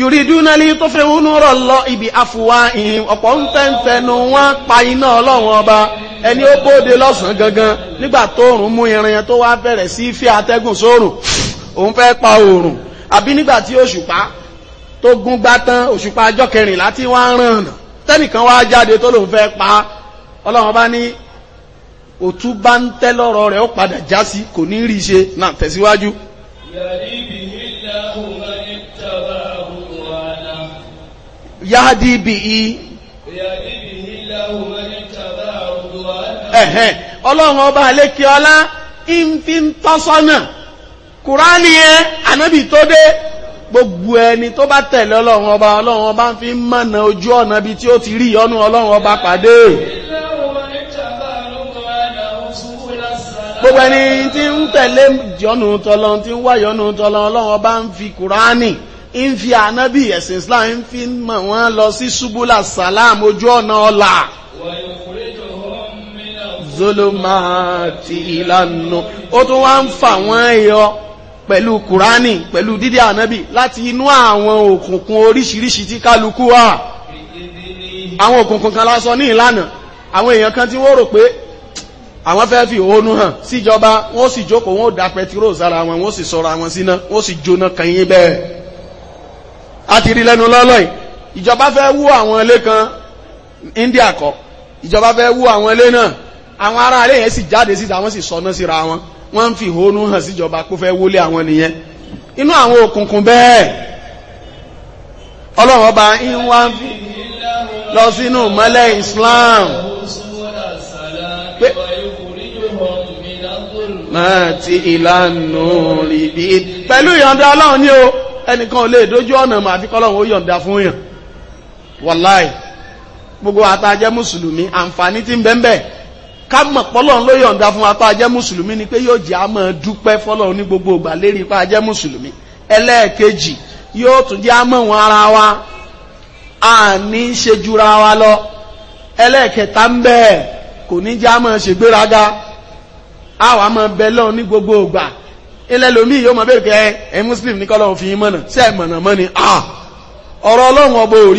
yùrìdúnà lè tó fẹ́ wúnú rọ̀ lọ ibi àfùwá ìhìn ọ̀pọ̀ ń tẹ́ntẹ́nu wọ́n pa iná ọlọ́run ọba ẹni ó bóde lọ́sàn gangan nígbà tóòrùn mú irin yẹn tó wá bẹ̀rẹ̀ sí fi atẹ́gùn sóòrùn òun fẹ́ pa oòrùn àbí nígbà tí òṣùpá tó gún gbá tán òṣùpá ọjọ́ kẹrìnlá tí wọ́n ń ràn tẹ́nìkan wá jáde tó lòun fẹ́ pa ọlọ́run bá ní òtún bá ń tẹ́ lọ́rọ̀ rẹ̀ ó padà já sí kò ní rí ṣe náà tẹ̀síwájú. yáàdì bìí. yáàdì bìí láhùn mẹ́rin. ẹ̀hẹ́n ọlọ́run ọba àlékè ọlá ń fi ń tọ́sọ́nà kùránì yẹn ànábì tó dé gbogbo ẹni tó bá tẹ̀lé ọlọ́run ọba ọlọ́run ọba ń fi mọ̀nà ojú ọ̀nà bí tí ó ti rí ìyọ́nú ọlọ́run ọba pàdé gbogbo ẹni tí ń tẹ̀lé ìyọ́nú tọ́lọ́run tí ń wá ìyọ́nú tọ́lọ́run ọlọ́run ọba ń fi kùránì ń fi ànábì ẹ̀sìn Islam ń fi mọ̀ wọ́n lọ sí ṣubúlà sàlám ojú ọ̀nà ọ̀la zulumati ìlànà ó tún wá ń fà wọ́n ẹyọ pẹ̀lú kùránì pẹ̀lú dídí ànábì láti inú àwọn òkùnkùn oríṣiríṣi tí kálukú wà àwọn òkùnkùn kan lásọ ní ìlànà àwọn èèyàn kan tí wọ́n rò pé àwọn fẹ́ fi òónú hàn síjọba wọ́n sì jókòó wọ́n dá pẹtiró sára wọn wọ́n sì sọ̀rọ̀ àwọn síná wọ́n sì jóná kàyín bẹ́ẹ̀ a rí lẹ́nu lọ́lọ́yìn ìjọba fẹ́ wú àwọn ilé kan India kọ́ ìjọba fẹ́ wú àwọn ilé náà àwọn ará alẹ́ yẹn sì jáde síta wọ́n sì sọná síra wọn wọ́n ń fi ìhónú hàn síjọba pé fẹ́ wólé àwọn nìyẹn inú àwọn òkùnkùn bẹ́ẹ̀ ọlọ́run ọba ń wá lọ sínú mọ́lẹ̀ Islam pé mọ́tí ìlànà rìbí pẹ̀lú ìyọ̀ǹda ọlọ́run ni o ẹnìkan ò lè dójú ọ̀nà mà àfi kọ́lọ́run ó yọ̀ǹda fún yàn wàláì gbogbo àtàjẹ́ mùsùlùmí àǹfààní tí ń bẹ́ẹ̀ bẹ́ẹ̀ ká mọ̀ pọ́lọ́run ló yọ̀ǹda fún apá ajẹ́ mùsùlùmí ni pé yóò jẹ́ a máa dúpẹ́ fọ́lọ́run ní gbogbo ìgbà lérí ipá ajẹ́ musulumi ẹlẹ́ẹ̀kejì yóò tún jẹ́ a mọ̀ wọn ara wa a ní í ṣe wa lọ ẹlẹ́ẹ̀kẹta ń bẹ́ẹ̀ kò ní jẹ́ a máa ṣègbéraga a wà lọ́run ní gbogbo yóò kẹ́ ẹ muslim ní kọ́lọ́run fi mọ̀nà sí ẹ̀ ah! ọ̀rọ̀ ọlọ́run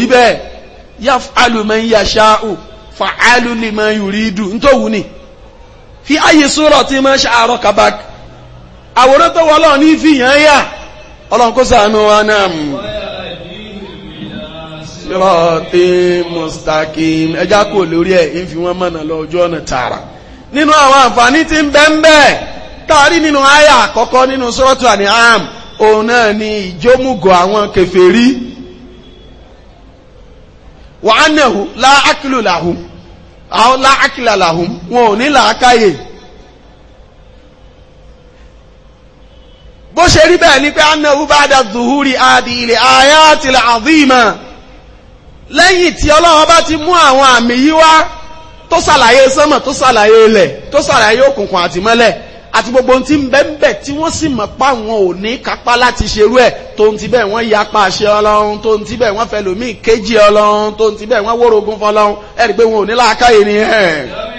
fa'alu lima yuridu nítòwú ni fi ayé sọ́rọ̀ tí máa àwòrán tó ní fi yàn yà ọlọ́run kó sànú wa náà mú sírọ̀tí mustakim ẹjá kò lórí ẹ̀ ń fi wọ́n mọ̀nà lọ ti ọ̀nà tààrà nínú àwọn àǹfààní tí ń bẹ́ ń bẹ́ tààrí nínú àyà àkọ́kọ́ nínú wà á nẹ̀hù láàkìlù làhùn àwọn láàkìlà làhùn wọn ò ní làákàyè bó ṣe rí bẹ́ẹ̀ ni pé annahu ba'da zuhuri adi ilẹ̀ ayatil azima lẹ́yìn tí Ọlọ́run bá ti mú àwọn àmì yí tó ṣàlàyé sánmọ̀ tó ṣàlàyé ilẹ̀ tó ṣàlàyé òkùnkùn àti àti gbogbo ohun tí ń bẹ́ ń bẹ̀ tí wọ́n sì mọ̀ pa wọn ò ní kápá láti ṣerú ẹ̀ tó ń ti bẹ́ẹ̀ wọ́n yapa àṣẹ ọlọ́run tó ń ti bẹ́ẹ̀ wọ́n fẹlòmíì kejì ọlọ́run tó ń ti wọ́n wórogún fọlọ́run ẹ̀rí pé wọn ò ní láàká ènìyàn.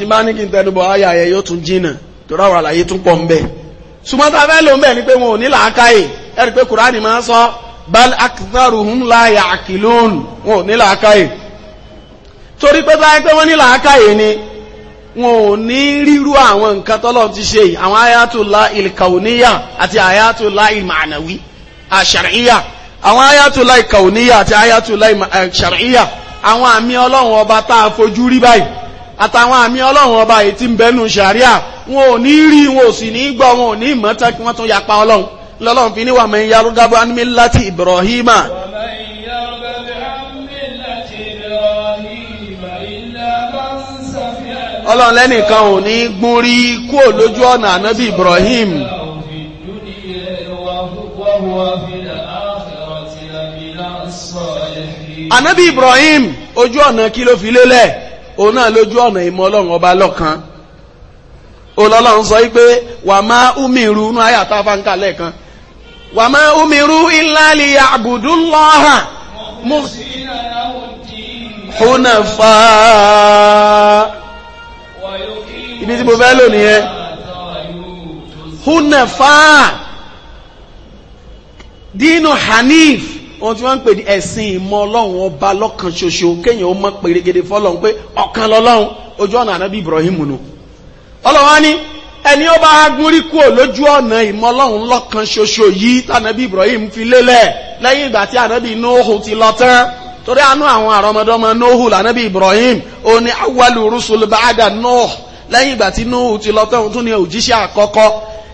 tí máa ní kí n tẹnubọ̀ ayà ẹ̀ yóò tún jìnà tó ráwọ̀ àlàyé tún pọ̀ ń bẹ̀ ṣùgbọ́n fẹ́ ló ń bẹ̀ ni pé wọn ò ní làákàyè ẹ̀rí pé kùránì máa ń sọ bal aktharuhum la ya'qilun wọn ò ní làákàyè torí pé báyìí pé wọ́n ní làákàyè ni wọn ò ní ríru àwọn nǹkan tọ́lọ́ ti ṣe yìí àwọn ayatullahil kauniyya àti ayatullahil ma'nawi àṣàríyà àwọn la kauniyya àti ayatullahil shar'iyya àwọn àmì ọlọ́run ọba tá a fojú rí báyìí àtàwọn àmì ọlọ́run ọba yìí ti ń bẹnu ṣàríà wọn ò ní rí wọn ò sì ní gbọ́ wọn ò ní mọ̀ tán kí wọ́n tún yapa ọlọ́run lọ́lọ́run fi ní wàmí yarugabu animi láti Ibrahima. ọlọ́run lẹ́nìkan ò ní gún rí kúò lójú ọ̀nà ànábì Ibrahim. ànábì Ibrahim ojú ọ̀nà kí ló fi lélẹ̀ òun náà lójú ọ̀nà ìmọ̀ ọlọ́run ọba lọ́kan olọ́lọ́run sọ wípé wà má umiru inú ayé àtàfáǹkà lẹ́ẹ̀kan wà má umiru illa liya'budullaha hunafa ibi tí mo fẹ́ lò nìyẹn hunafa dínú hanif ohun tí wọ́n ń pè ní ẹ̀sìn ìmọ̀ ọlọ́run ọba lọ́kan ṣoṣo kéèyàn ó mọ̀ pèrègede fọlọ́run pé ọ̀kan lọ́lọ́run ojú ọ̀nà ànábì Ibrahim nù ọlọ́wọ́n ni ẹni ó bá gúnrí kúrò lójú ọ̀nà ìmọ̀ ọlọ́run lọ́kan ṣoṣo yìí tànábì Ibrahim fi lélẹ̀ lẹ́yìn ìgbà tí ànábì Nóhù ti lọ tán torí àánú àwọn àrọmọdọ́mọ nóhù lànàbí ibrahim ó ní awwalu rusul ba'da nóhù lẹ́yìn ìgbà tí nóhù ti lọ tẹ́hùn tún ní òjíṣẹ́ àkọ́kọ́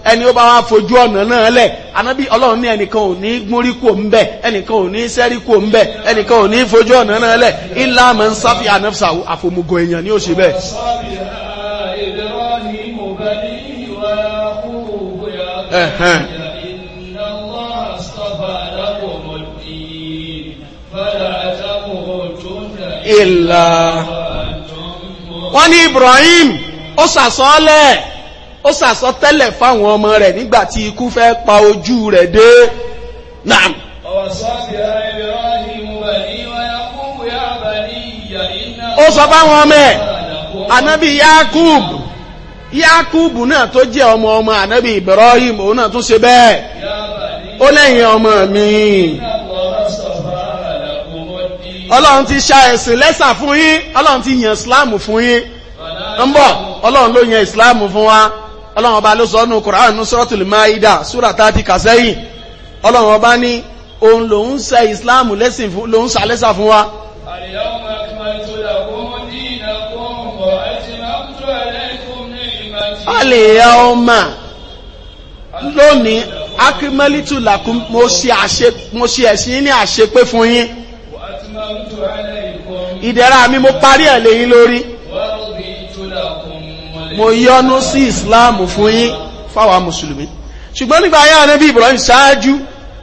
ẹni ó bá wá fojú ọ̀nà náà lẹ̀ anábì ọlọ́run ní ẹnìkan ò ní gbórí kò ń bẹ̀ ẹnìkan ò ní sẹ́rí kò ń bẹ̀ ẹnìkan ò ní fojú ọ̀nà náà lẹ̀ ilá man sáfì ànáfsà àfòmùgọ̀ èèyàn ni ó bẹ́ẹ̀. wọ́n ní Ibrahim ó sàsọ́ọ́lẹ̀ ó sàsọtẹ́lẹ̀ fáwọn ọmọ rẹ̀ nígbà tí ikú fẹ́ pa ojú rẹ̀ dé nam. ó sọ fáwọn ọmọ ẹ̀ anabi yakub yakub náà tó jẹ́ ọmọ ọmọ anabi ibrahim òun náà tún ṣe bẹ́ẹ̀ ó lẹ́yìn ọmọ mi ọlọ́run ti ṣa ẹ̀sìn lẹ́sà fún yín ọlọ́run ti yàn islam fún yín ń bọ̀ ọlọ́run ló yàn islam fún wa ọlọ́run ọba ló sọ ọ́nù Qur'an suratul Maida súrà tá a ti kà sẹ́yìn ọlọ́run ọba ní òun lòun ṣe Islam lẹ́sìn fún lòun ṣàlẹ́sà fún wa. al-yawma akmaltu lakum dinakum wa atmamtu alaykum ni'mati. al-yawma lónìí akmaltu lakum mo ṣe ẹ̀sìn ní àṣepé fún yín. wa mi mo parí ẹ̀ lẹ́yìn lórí mo yọ́nú sí islam fún yín fáwa mùsùlùmí ṣùgbọ́n nígbà ayé ànábì ibrahim ṣáájú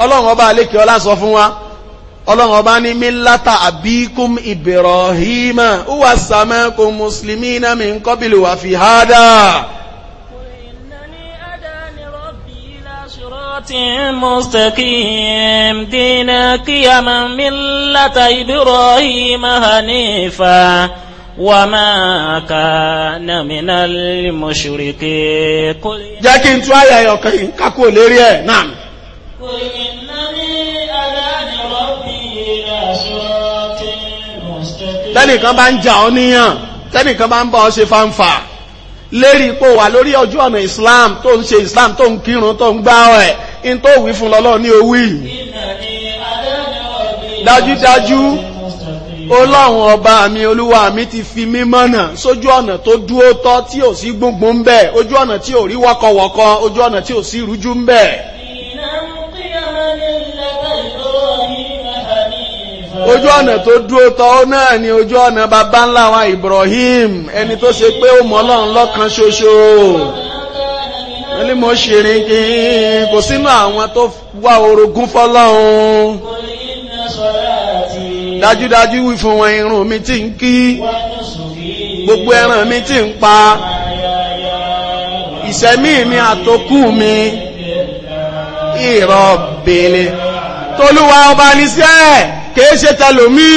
ọlọ́run ọba àlékè ọlá sọ fún wa ọlọ́run ọba ní mílátà àbíkún ibrahim ó wà sàmẹ́kùn mùsùlùmí náà mi ń kọ́bìlì wà fi hádà. مستقيم دين وما كان من المشركين jẹ́ kí n tú àyà ọ̀kan yìí ká قل إنني أدعى ربي إلى صراط مستقيم. tẹ́nìkan bá ń jà ọ́ níyàn tẹ́nìkan ọ lérí ipò wà lórí Islam tó ń ṣe Islam tó ń kírun tó ń in tó wí fún lọ́lọ́ ní owí. dájúdájú. ọlọ́run ọba mi olúwa mi ti fi mí mọ̀nà sójú ọ̀nà tó dúró tọ́ tí ò sí gbùngbùn ń bẹ̀ ojú ọ̀nà tí ò rí wọ́kọ̀wọ́kọ́ ojú ọ̀nà tí ò sí rújú ń bẹ̀. ojú ọ̀nà tó dúró tọ́ náà ni ojú ọ̀nà baba ńlá wa Ibrahim ẹni tó ṣe pé ó mọ ọlọ́run lọ́kan ṣoṣo ẹni mo ṣèrìnkì kò sínú àwọn tó wá orogún fọlọ́run dájúdájú wí fún wọn irun mi tí ń kí gbogbo ẹran mi tí ń pa ìṣẹ́mí mi àtòkù mi ìrọ̀bẹ̀lẹ̀ tolúwa ọba níṣẹ́ kìí ṣe tẹlòmí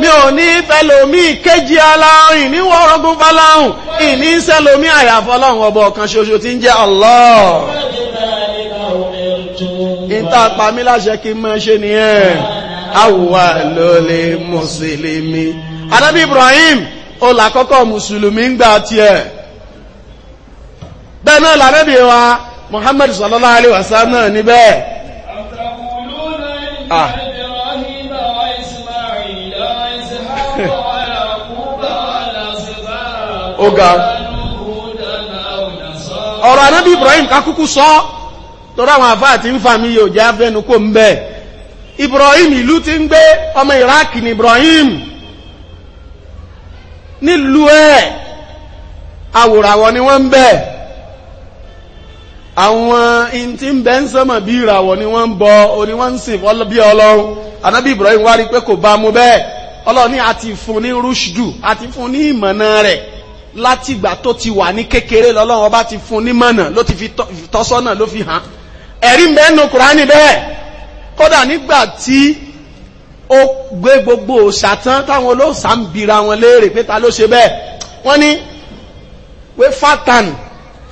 mi ò ní tẹlòmí kéjì aláhùn ìníwọ̀ ọ̀rọ̀gún faláhùn ìní ń sẹ́lòmí àyàfọ́lọ́hùn ọba ọ̀kan ṣoṣo tí ń jẹ́ Allah tá pa mí láṣẹ kí mọ́ ṣe nìyẹn àwùwà lólè mùsùlùmí adábí Ibrahim olàkọ́kọ́ mùsùlùmí ń gbà tiẹ̀ bẹ́ẹ̀ náà lànàbí wa Muhammad sallallahu alaihi wasallam náà níbẹ̀ ah ó ga ọ̀rọ̀ anábí Ibrahim kakúkú sọ tọ́rọ àwọn àfáà tí ń fà yóò jẹ́ afẹ́nu kò ń bẹ̀ Ibrahim ìlú ti ń gbé ọmọ Iraq ní Ibrahim nílùú ẹ̀ awòràwọ̀ ni wọ́n ń bẹ̀ àwọn ìntí ń bẹ́ ń sọ́mọ̀ bí ìràwọ̀ ni wọ́n ń bọ oní wọ́n ń sìn bí Ọlọ́run anábì Ibrahim wá rí pé kò bá mu bẹ́ẹ̀ Ọlọ́run ní àti fún ní rushdu àti fún ní ìmọ̀nà rẹ̀ látìgbà tó ti wà ní kékeré lọ́lọ́run ọba ti fún ní mọ̀nà ló ti fi tọ́sọ́nà ló fi hàn án ẹ̀rí mẹ́nu kùránì bẹ́ẹ̀ kódà nígbà tí ó gbé gbogbo òṣàtán táwọn olóòṣà ń bira wọn léèrè pé ta ló ṣe bẹ́ẹ̀ wọ́n ní pé fátán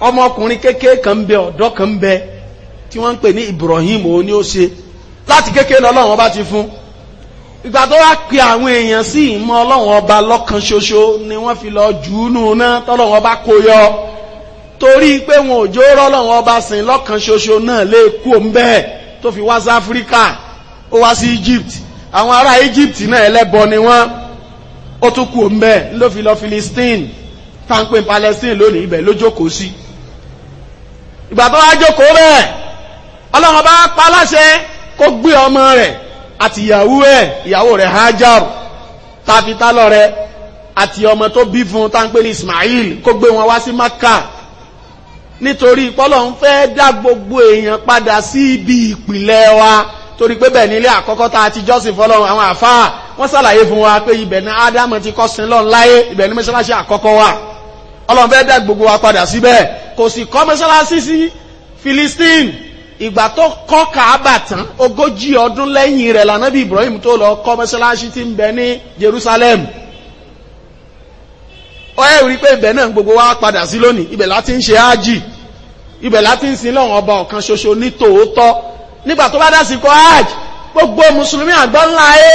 ọmọkùnrin kékeré kan bẹ ọ̀dọ́ kan bẹ tí wọ́n ń pè ní Ibrahim òun ni ó ṣe láti kékeré lọ́lọ́wọ́n bá ti fún ìgbà tó wá pe àwọn èèyàn sí ìmọ̀ ọlọ́wọ́n ọba lọ́kan ṣoṣo ni wọ́n fi lọ jù nù náà tọ́lọ́wọ́n bá kó yọ torí pé wọn ò jó rọ́lọ́wọ́n ọba sìn lọ́kàn ṣoṣo náà lè kú òun tó fi wá sí áfíríkà ó wá sí egypt àwọn ará egypt náà ẹlẹ́bọ ni wọ́n ó tún kú òun bẹ́ẹ̀ ló fi lọ philistine táǹpé palestine lónìí ibẹ̀ ló jókòó sí ìgbà tó wá jókòó bẹ́ẹ̀ ọlọ́run bá pa láṣẹ kó gbé ọmọ rẹ̀ àti ìyàwó ẹ̀ ìyàwó rẹ̀ hajar tafitálọ̀ rẹ̀ àti ọmọ tó bí fún táǹpé ní ismail kó gbé wọn wá sí makka nítorí pọ́lọ̀ ń fẹ́ dá gbogbo èèyàn padà sí ibi ìpìlẹ̀ wa torí pé bẹ́ẹ̀ nílé àkọ́kọ́ tá a ti jọ́sìn fọ́lọ́run àwọn àfáà wọ́n ṣàlàyé fún wa pé ibẹ̀ ní ádámù ti kọ́ sin lọ́n láyé ibẹ̀ ní mẹ́sálásí àkọ́kọ́ wa ọlọ́run fẹ́ dá gbogbo wa padà síbẹ̀ kò sì kọ́ mẹ́sálásí sí Philistine ìgbà tó kọ́ kàábà tán ogójì ọdún lẹ́yìn rẹ̀ lànàbí Ibrahim tó lọ kọ́ mẹ́sálásí tí ń bẹ ní Jerusalem ó yẹ wí pé ibẹ̀ náà gbogbo wa padà sí lónìí ibẹ̀ láti ń ṣe ájì ibẹ̀ láti ń sin lọ́wọ́n ọba ọ̀kan ṣoṣo ní tòótọ́ nígbà tó bá dásìkò hajj gbogbo mùsùlùmí àgbọ́nlá ayé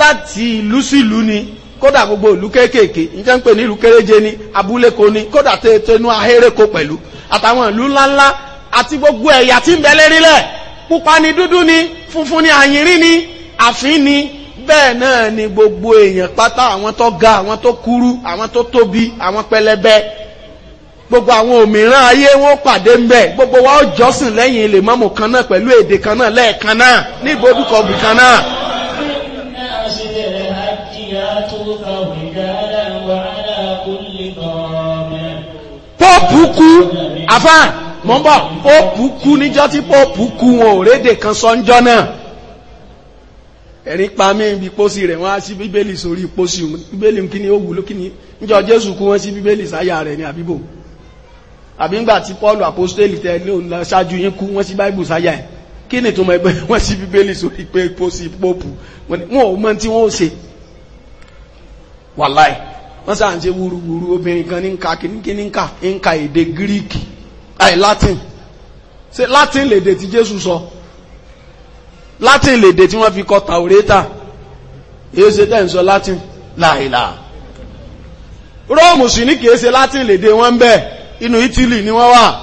láti ìlú sí ìlú ni kódà gbogbo ìlú kéékèèké nǹkan ń pè ní ìlú kéréje ni abúlé ko ni kódà tó tẹnu ahéreko pẹ̀lú àtàwọn ìlú ńláńlá àti gbogbo ẹ̀yà tí ń bẹ lérílẹ̀ pupa ni dúdú ni funfun ni àyìnrín ni àfín ni bẹ́ẹ̀ náà ni gbogbo èèyàn pátá àwọn tó ga àwọn tó kúrú àwọn tó tóbi àwọn pẹlẹbẹ gbogbo àwọn òmíràn ayé wọn pàdé ń bẹ gbogbo wa ó jọ́sìn lẹ́yìn ilé mọ́mù kan náà pẹ̀lú èdè kan náà lẹ́ẹ̀kan náà ní ìbòdúkọ bù kan náà. pọ́ọ̀pù kú àfáà mọ́ bọ̀ pọ́ọ̀pù kú níjọ́ tí pọ́ọ̀pù kú wọn ò rédè kan sọ náà ẹ̀rí pa mí ibi pósí rẹ̀ wọ́n á sí bíbélì sórí pósí bíbélì kí ni ó wúlò kí ni níjọ́ jésù kú wọ́n sí bíbélì sáyà rẹ̀ ní àbíbò àbí ńgbà tí Paul apostoli tẹ̀lé òun lọ ṣáájú yín kú wọ́n sí báìbù sáyà ẹ̀ kí ni tó mọ ẹgbẹ́ wọ́n sí bíbélì sórí pé pósí pópù wọn ò mọ tí wọ́n ó ṣe wàláì wọ́n sáà ń ṣe wúruwúru obìnrin kan ní ń ka èdè Greek àì Latin ṣe Latin lèdè tí Jésù sọ Latin lèdè tí wọ́n fi kọ tàwórẹ́tà èyí ṣe tẹ́ ń sọ Latin láìláà Róòmù sì ní kìí ṣe Latin lèdè wọn bẹ́ẹ̀ inú Italy ni wọ́n wà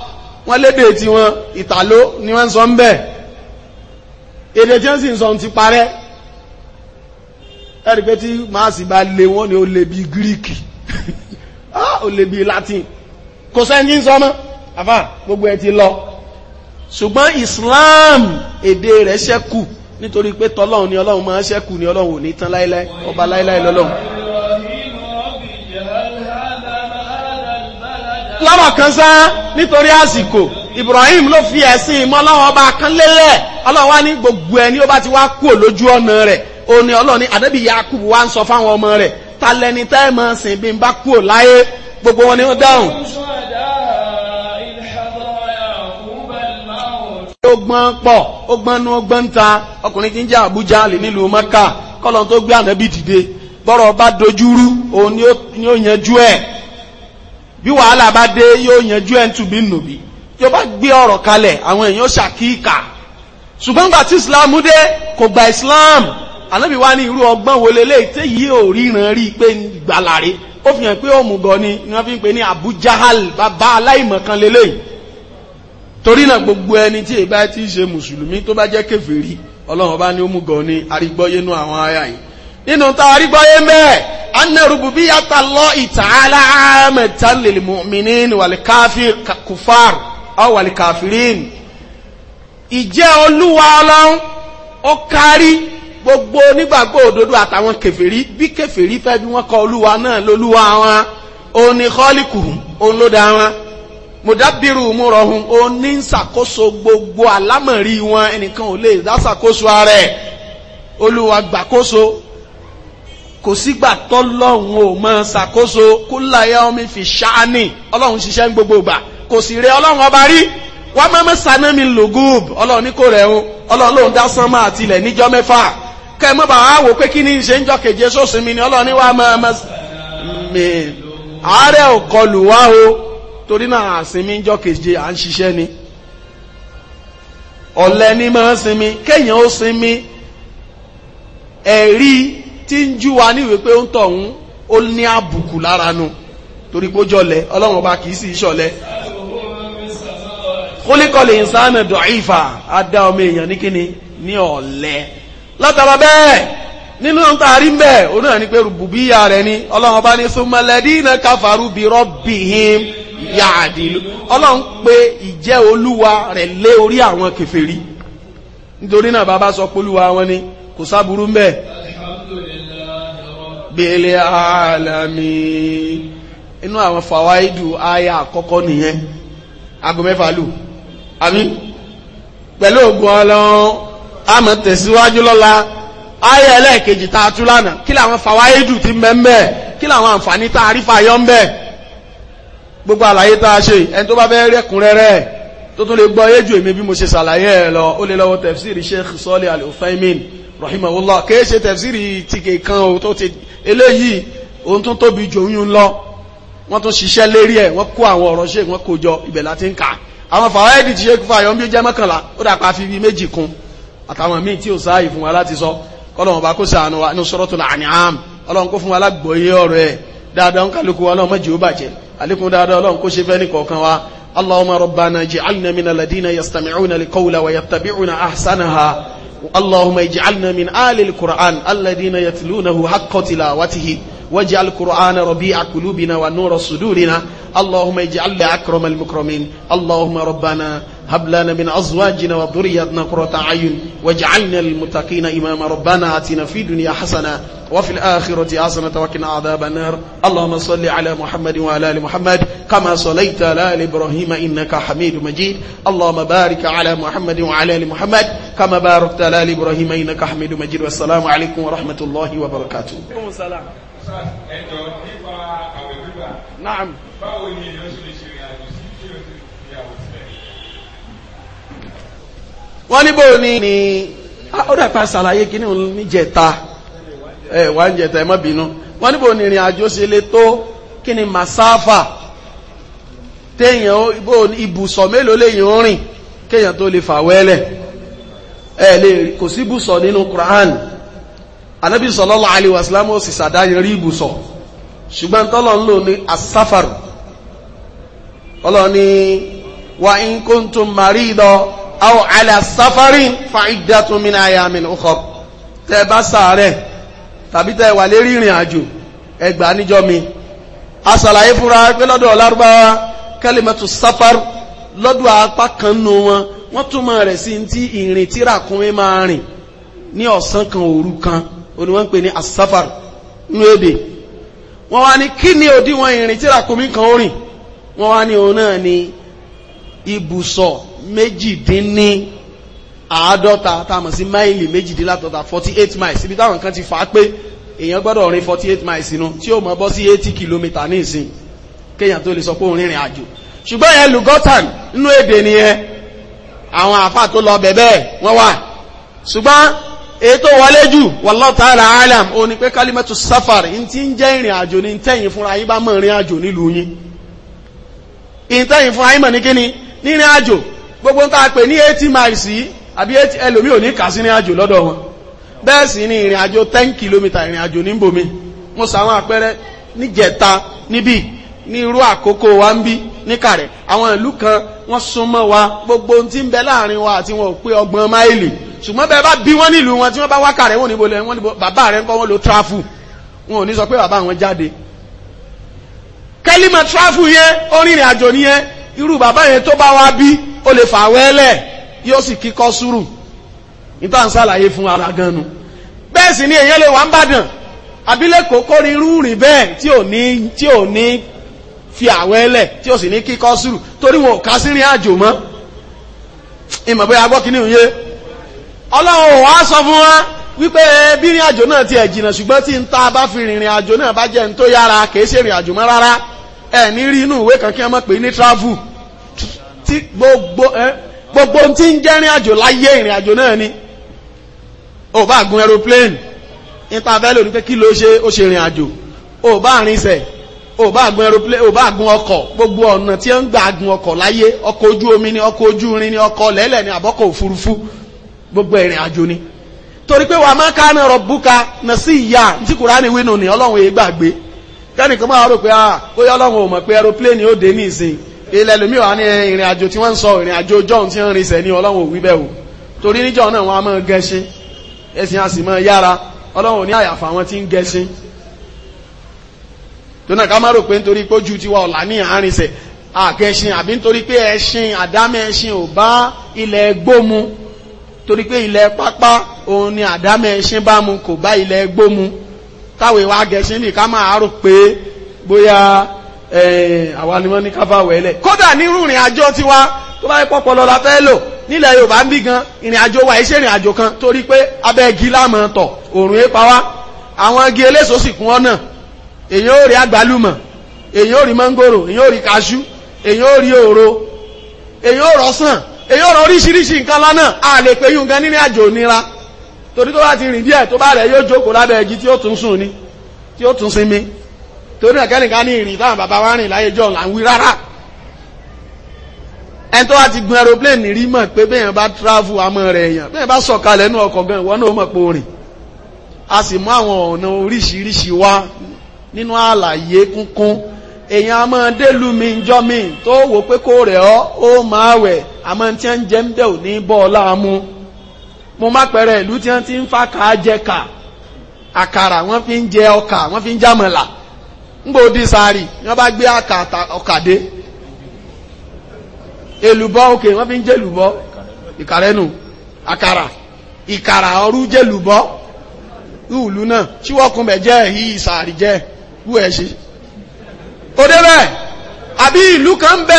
wọ́n lédè tí wọ́n ìtàló ni wọ́n sọ ń bẹ̀ èdè tí wọ́n sì ń sọ ti parẹ́ ẹ̀rí pé tí máàsì bá lé wọ́n ni ó lè bí Greek ah, ó lè bí Latin kò sẹ́ńtì ń sọ mọ́ àfà gbogbo ẹ̀ ti lọ ṣùgbọ́n Islam èdè rẹ̀ ṣẹ́kù nítorí pé tọ́lọ́run ni ọlọ́run máa ṣẹ́kù ni ọlọ́run ò ní tán láíláí ọba láíláí lọ́lọ́run lọ́rọ̀ kan sá nítorí àsìkò Ibrahim ló fi ẹ̀sìn ìmọ̀ ọlọ́run ọba kan lélẹ̀ ọlọ́run wá ní gbogbo ẹni ó bá ti wá kú lójú ọ̀nà rẹ̀ òní ọlọ́run ní àdẹ́bí Yakubu wá ń sọ fáwọn ọmọ rẹ̀ ta lẹni tẹ́ mọ̀ bí n bá kú láyé gbogbo wọn ni ó dáhùn. ogbọ́n pọ̀ ogbọ́n nu ogbọ́n ta ọkùnrin tí ń jẹ́ Àbújá lè nílùú Mẹ́kà kọ́lọ́n tó gbé àdẹ́bí dìde bọ́rọ̀ bá dojúrú òun ni ó yanjú ẹ̀ bí wàhálà bá dé yóò yanjú ẹ̀ ń tùbí nùbí yóò bá gbé ọ̀rọ̀ kalẹ̀ àwọn èèyàn ṣàkíkà ṣùgbọ́n tí islam dé kò gba islam anábì wá ní irú ọgbọ́n wo lélẹ̀ tí yìí ò ríran rí pé gbàlàrí ó fi hàn pé ó mùgọ̀ ni ni wọ́n fi ń pè ní Abu Jahal bàbá aláìmọ̀kan lélẹ̀ torí náà gbogbo ẹni tí ìbá ti ṣe mùsùlùmí tó bá jẹ́ kèfèrí ọlọ́run bá ní ó mùgọ̀ ni arígbọ́yé nú àwọn aya nínú tààrí gbọ́yé mẹ́ẹ̀ anna rububiyyata Allahi ta'ala aamatan lil mu'minin wal kufar aw wal kafirin ìjẹ́ olúwa ọlọ́run ó kárí gbogbo onígbàgbọ́ òdodo àtàwọn kèfèrí bí kèfèrí fẹ́ bí wọ́n kọ olúwa náà lólúwa wọn òun ni khaliquhum òun wọn mùdábìrù múrọ̀hún òun ní ṣàkóso gbogbo àlámọ̀rí wọn ẹnìkan ò lè dá ṣàkóso ara ẹ̀ olúwa gbàkóso kò sígbà tọ́lọ́hún ò mọ ṣàkóso kúláyà ọmọ fi ṣáání ọlọ́run ṣiṣẹ́ ń gbogbo ìgbà kò sì rẹ ọlọ́run ọba rí wọ́n ma saná mi lògùb ọlọ́run ní kò rẹ̀ ń ọlọ́run lòun dá sánmọ́ níjọ́ mẹ́fà kẹ́ ẹ wò pé kí ni ṣe ń jọ keje sóòsì mi ni ọlọ́run mọ́ mi àárẹ̀ ò kọlù wá o torí tí ń jú wa níwèé pé ó ń tọ̀hún ó ní àbùkù lára nu torí pé ó jọlẹ̀ ọlọ́run kìí sì ṣọlẹ̀ kólíkọlẹ̀ ìsánà dọ̀ífà adá ọmọ èèyàn ní kíni ní ọ̀lẹ látara bẹ́ẹ̀ nínú ó náà ní ni ọlọ́run ní bí ọlọ́run pé ìjẹ́ olúwa rẹ̀ lé orí àwọn nítorí náà bàbá sọ pé olúwa kò bílẹ̀ alami inú àwọn fàwáìdù ayà àkọ́kọ́ nìyẹn aago mẹ́fà lù àmì pẹ̀lú ògùn ọlọ́run a máa tẹ̀síwájú lọ́la ayà ẹlẹ́ẹ̀kejì tá a tú lánàá kí làwọn fàwáìdù ti mẹ́mẹ́ kí làwọn àǹfààní tá a rí fàyọ́ ń bẹ̀ gbogbo àlàyé tá a ṣe ẹni tó bá fẹ́ rẹ́kùnrẹ́rẹ́ tó tún lè gbọ́ yéjù èmi bí mo ṣe ṣàlàyé ẹ̀ lọ ó lè lọ́wọ́ tafsiri Sheikh Salih rahimahullah kìí ṣe tẹ̀fsìrì tìkẹ̀ kan o tó ti eléyìí ohun tó tóbi jù oyún lọ wọ́n tún ṣiṣẹ́ lérí ẹ̀ wọ́n kó àwọn ọ̀rọ̀ ṣe wọ́n kó jọ ibẹ̀ láti ń kà àwọn fàwáìdì ti ṣe fàyọ̀ bí ó jẹ́ mọ́kànlá ó dàpá fi bí méjì kún àtàwọn míì tí ò sáàyè fún wa láti sọ kọ́lọ̀wọ̀n bá kó sàánú wa ní Suratul An'am ọlọ́run kó fún wa lágbòye ọ̀rọ̀ ẹ̀ dáadáa ń kálukú wa ọlọ́run mọ́jì ó bàjẹ́ àlékún dáadáa ọlọ́run kó ṣe fẹ́ ní kọ̀ọ̀kan wa Allahumma rabbana ij'alna minal ladina yastami'una al-qawla wa اللهم اجعلنا من آل القرآن الذين يتلونه حق تلاوته واجعل القرآن ربيع قلوبنا ونور صدورنا اللهم اجعلنا أكرم المكرمين اللهم ربنا هب لنا من أزواجنا وذرياتنا قرة أعين واجعلنا للمتقين إماما ربنا آتنا في الدنيا حسنة وفي الآخرة حسنة وقنا عذاب النار اللهم صل على محمد وعلى آل محمد كما صليت على آل إبراهيم إنك حميد مجيد اللهم بارك على محمد وعلى آل محمد كما باركت على آل إبراهيم إنك حميد مجيد والسلام عليكم ورحمة الله وبركاته ẹjọ wọ́n ní ni ah, ó dà pa ṣàlàyé ẹ wà ń jẹta ẹ bínú wọ́n ní ni ìrìn àjò ṣe tó kí ni téèyàn ibùsọ̀ mélòó kéèyàn tó lè fà ẹ lè kò síbùsọ̀ nínú anábì sallallahu alaihi wasallam ó sì sàdáyẹrí ibùsọ̀ ṣùgbọ́n tọ́lọ̀ ń lò ní asáfàrù ọlọ́ni wa in kuntum marida aw ala safarin fa iddatun min ayamin ukhar tẹ́ bá sàárẹ̀ tàbí tẹ́ wà lérí ìrìn àjò ẹgbàá níjọ́ mi a sàlàyé fúnra pé lọ́dọ̀ lárúbáwá kalimatu safar lọ́dọ̀ apá kan nù wọn wọ́n túmọ̀ rẹ̀ sí ti ìrìn tí máa rìn ní ọ̀sán kan òru kan òní wọ́n ń pè ní asafar nú èdè wọ́n wá ní kí ni òdiwọ̀n ìrìn tí ràkúnmí kan ó rìn wọ́n wá ní òun náà ní ibùsọ̀ méjìdínní àádọ́ta tá a mọ̀ sí máìlì méjìdínláàdọ́ta forty eight miles ibi táwọn kan ti fà á pé èèyàn gbọ́dọ̀ rìn forty eight miles inú tí ó mọ̀ bọ́ sí eighty kilometre ní ìsìn kéèyàn tó lè sọ pé òun rìnrìn àjò ṣùgbọ́n yẹn lùgọ́tàn nínú èdè nìyẹn àwọn àfà tó lọ bẹ̀bẹ̀ wọ́n wà ṣùgbọ́n ètò wọlé jù wallahu tààrà alam o ní pé kalimatu safari in ti ń jẹ́ ìrìn àjò ní tẹ́yìn fún yín mọ̀ ìrìn àjò nílùú yín in tẹ́yìn fúnra ní kíni àjò gbogbo ń pè ní 80 miles yìí àbí ẹlòmí ò ní kà sí àjò lọ́dọ̀ wọn bẹ́ẹ̀ ni ìrìn àjò 10 km ìrìn àjò ní àpẹẹrẹ níbí ní irú àkókò wa ń bí ṣùgbọ́n bẹ́ẹ̀ bá bí wọ́n nílùú wọn tí wọ́n bá wákà rẹ̀ wọ́n níbo wọ́n níbo bàbá rẹ̀ kọ́ wọ́n lo tráfù wọn ò ní sọ pé bàbá wọn jáde kẹ́límà tráfù yẹn onírìn àjò nìyẹn irú bàbá yẹn tó bá wá bí ó lè fà wẹ́lẹ̀ yóò sì kíkọ́ sùúrù níta ń sàlàyé fún ara gan nu bẹ́ẹ̀ sì ni èèyàn lè wà ń bàdàn abilékò kórè irú rìn bẹ́ẹ̀ tí ò ní tí ò ní fi àwẹ́lẹ̀ tí ò sì ní kíkọ́ sùúrù torí wọn ò kásírin àjò mọ́ ìmọ̀ bóyá agbọ́kíní òye ọlọ́run wá sọ fún wa wípé bírin àjò náà ti ẹ̀ jìnnà ṣùgbọ́n tí ń ta bá fi rìnrìn àjò náà bá jẹ́ ń tó yára kìí ṣe rìn àjò mọ́ rárá ẹ̀ ní rí inú ìwé kan kí wọ́n mọ̀ pé ní travel tí gbogbo tí ń jẹ́ rìn àjò láyé ìrìn àjò náà ni ò bá gun aeroplane níta bẹ́ẹ̀ lórí pé kí ló ṣe ó ṣe rìn àjò ò bá rinṣẹ̀ ò bá gun aeroplane ò bá gun ọkọ̀ gbogbo ọ̀nà tí ń gbà gun ọkọ̀ láyé ọkọ̀ ojú omi ni ọkọ̀ ojú irin ni ọkọ̀ lẹ́lẹ̀ ni àbọ́kọ̀ òfurufú gbogbo ìrìn àjò ni torí pé wà máa kánà rọ̀bùkà nà sí ìyá tí kùránì wínú ni ọlọ́run èé gbàgbé kẹ́nìkan máa rò pé ah bóyá ọlọ́run ò mọ̀ pé aeroplane ó dé ní ìsìn ilẹ̀ lómi wà ní ìrìn àjò tí wọ́n ń sọ ìrìn àjò john tí ń rinṣẹ́ ní ọlọ́run ò wí bẹ́ẹ̀ o torí níjọ́ náà wọ́n á máa gẹṣin ẹ̀sìn àsì máa yára ọlọ́run ò ní àyàfà wọn tí ń gẹṣin tónà ká má rò pé nítorí pé ojú tiwa ọ̀la ní àárínsẹ̀ àgẹṣin àbí nítorí pé ẹṣin àdámẹ́ṣin ò bá ilẹ̀ gbómu torí pé ilẹ̀ pápá òun ni àdámẹ́ ẹṣin bá mu kò bá ilẹ̀ ẹgbó mu táwọn ìwà agẹṣin ní ká máa rò pé bóyá àwa ni wọ́n ní ká bá wẹ̀ẹ́lẹ̀ kódà nírú ìrìn àjò tiwa tó wa iṣẹ́ ìrìn àjò kan torí pé abẹ́ igi láàmú tọ̀ òòrùn épa wá àwọn igi eléso sì kún ọ̀nà èyàn ò rí àgbálùmọ̀ èyàn ò rí mọ́ngòrò èyàn ò rí kaṣú èyàn ò rí òro èyàn ò rọ́sàn èyí ọ̀rọ̀ oríṣiríṣi nǹkan lánà a lè gan nínú àjò nira torí tó bá ti rìn díẹ̀ tó bá rẹ̀ yóò jókòó lábẹ́ igi tí ó tún sùn ni tí ó tún sinmi torí ẹ̀kẹ́nìkan ní ìrìn táwọn bàbá wa rìn láyé jọ là ń wí rárá ẹni tó bá ti gun aeroplane rí mọ̀ pé bẹ́ẹ̀ bá travel àmọ́ rẹ̀ èèyàn bẹ́ẹ̀ bá sọ̀kalẹ̀ nú ọkọ̀ gan ìwọ náà mọ̀ pé orin a sì mú àwọn ọ̀nà oríṣiríṣi wá nínú àlàyé kúnkún èyàn àmọ́ délùú mi ń jọ́ mi tó wò pé rẹ̀ ọ́ ó máa wẹ̀ àmọ́ tí wọ́n ń jẹ́ ń ò ní bọ́ láàmú mo má pẹ̀rẹ̀ ìlú tí wọ́n ti ń fa kàá jẹ kà àkàrà wọ́n fi ń jẹ ọkà wọ́n fi ń jàmọ̀là bá gbé àkàtà ọkà dé èlùbọ́ òkè fi ń àkàrà ìkàrà ọrú ìwùlú náà tí wọ́n jẹ́ ó débẹ̀ àbí ìlú kan ń bẹ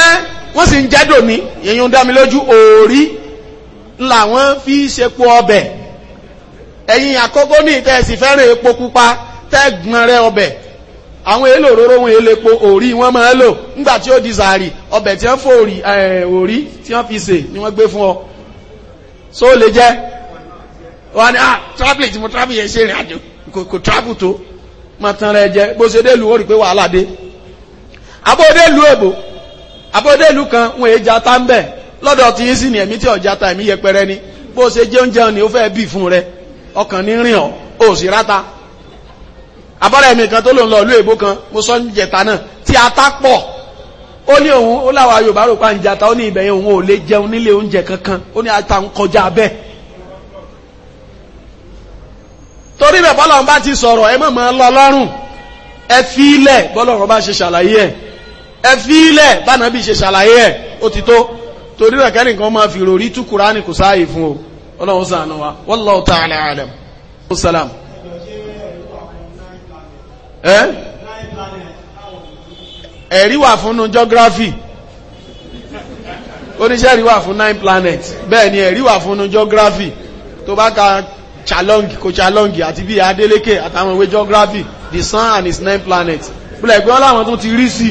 wọ́n sì ń jẹ́dò mi èyí ń la lójú òórí fi ṣepo ọbẹ̀ ẹ̀yin àkọ́kọ́ ní ìtẹ́ẹ̀sì epo pupa tẹ́gbọ̀n ọbẹ̀ àwọn èlò òróró wọn èlò epo òrí wọn máa lò nígbà tí ó di sàárì ọbẹ̀ tí wọ́n fi se ni wọ́n gbé fún ọ so le jẹ́ ni ah mo travel yẹn ṣe ìrìn àjò kò travel tó tan bó abódélu èbò abódélu kan wọn èjà tá ń bẹ̀ lọ́dọ̀ tí yín sì ní ẹ̀mí tí ọ̀já ta ẹ̀mí yẹpẹrẹ ni bó ṣe jẹ́ oúnjẹ ni ó fẹ́ bì fún rẹ ọkàn ní rìn ọ́ ò sì ráta abọ́rẹ́ mi kan tó lòun lọ ìlú èbó kan mo sọ ní jẹta náà tí ata pọ̀ ó ní òun ó láwa yorùbá rò pa ìjàta ó ní ibẹ̀ yẹn òun ò lè jẹun nílé oúnjẹ kankan ó ní ata ń kọjá bẹ́ẹ̀ torí bẹ̀ bọ́lọ̀ bá ti sọ̀rọ̀ ẹ mọ̀ mọ́ lọ lọ́rùn ẹ fi ilẹ̀ bọ́lọ̀ bá ṣe ṣàlàyé ẹ̀ ẹ fílẹ̀ bánàbí ṣe ṣàlàyé ẹ̀ ó ti tó torí rẹ̀ kẹ́nìkan máa fi ròrí tú kùránì kò sáàyè fún o ọlọ́run sàánà wa wallahu ta'ala alam salam ẹ̀rí wà fún geography oníṣẹ́ ẹ̀rí wà fún nine planet bẹ́ẹ̀ ni ẹ̀rí wà fún geography tó bá ka chalong ko chalong àti bí Adeleke àtàwọn ìwé geography the sun and its nine planets pẹ̀lẹ̀ pé wọ́n láwọn tó ti rí sí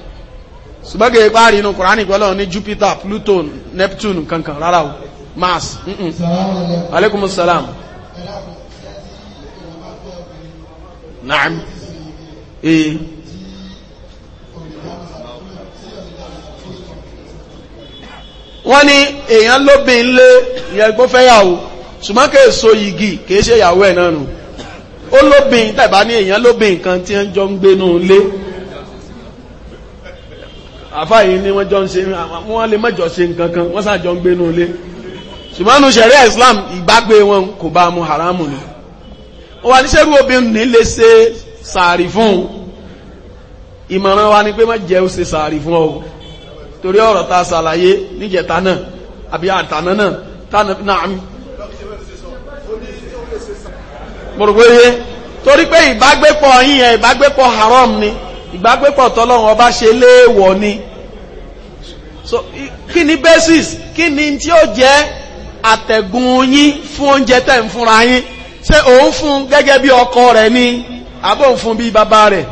ṣùgbọ́n kí ipá rí inú kùránì pẹ́lọ́ ní Jupiter Pluto Neptune kankan rárá o Mars alaikum salam naam ee wọ́n ní èèyàn lóbin lé ìyẹn gbó fẹ́yàwó ṣùgbọ́n kí èso igi, kìí ṣe ìyàwó ẹ̀ náà nù ó lóbin tẹ̀bá ní èèyàn lóbin kan tí ń jọ ń gbénú lé àfáàyí ni wọ́n jọ ń ṣe wọ́n lè mọ́jọ ṣe nǹkankan wọ́n sàjọ ń Islam ìgbàgbé wọn kò bá mu haramu ni ó wà níṣẹ́rú obìnrin lè fun sàárì fún ìmọ̀ràn wa ni pé má jẹ́ ó ṣe sàárì fún ọ torí ọ̀rọ̀ ta ṣàlàyé níjẹta náà àbí àtàná náà náà haram ni ìgbàgbépọ̀ tọ́lọ́run ọba ṣe léèwọ̀ ni so kí ni basis kí ni tí ó jẹ́ àtẹ̀gùn yín fún oúnjẹ tẹ̀ ń fúnra yín ṣé òun fún gẹ́gẹ́ bí ọkọ rẹ̀ ni àbò òun fún bí bàbá rẹ̀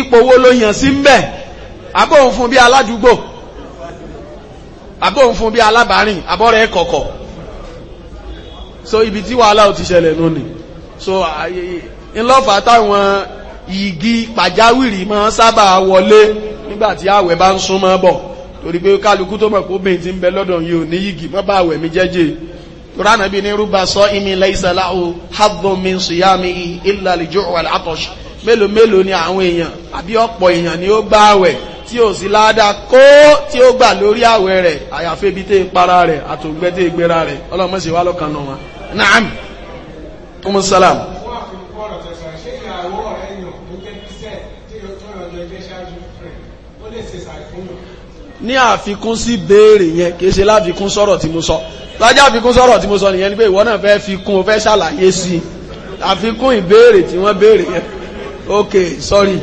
ipò wo ló yàn sí ń bẹ̀ àbò òun fún bí aládùúgbò àbò òun fún bí alábàárìn àbọ̀rẹ́ kọ̀kọ̀ so ibi tí wàhálà ò ti ṣẹlẹ̀ lónìí so ńlọ́fà táwọn igi pàjáwìrì máa sábà wọlé nígbàtí àwẹ̀ bá ń súnmọ́ bọ̀ torí pé kálukú tó mọ̀ kóbìn tí ń bẹ lọ́dọ̀ yìí ò ní igi mọ́ bá àwẹ̀ mi jẹ́jẹ́ toránà bí ní rúbà sọ imi lẹ́ìsàlá o hadhon min suyami illa al-ju' wal-'atash mélòó mélòó ni àwọn èèyàn àbí ọ̀pọ̀ èèyàn ni ó gbà àwẹ̀ tí ó sì láádá kó tí ó gbà lórí àwẹ̀ rẹ̀ àyàfẹ́ bí tẹ́ para rẹ̀ àtògbẹ́ tẹ́ gbéra rẹ̀ ọlọ́mọ́sí wá lọ́kànnà wọn naam umu salam ní àfikún sí béèrè yẹn kìí ṣe láfikún sọ̀rọ̀ tí mo sọ lájá àfikún sọ̀rọ̀ tí mo sọ nìyẹn ni pé ìwọ náà fẹ́ fi kún o fẹ́ ṣàlàyé sí àfikún ìbéèrè tí wọ́n béèrè yẹn ok sorry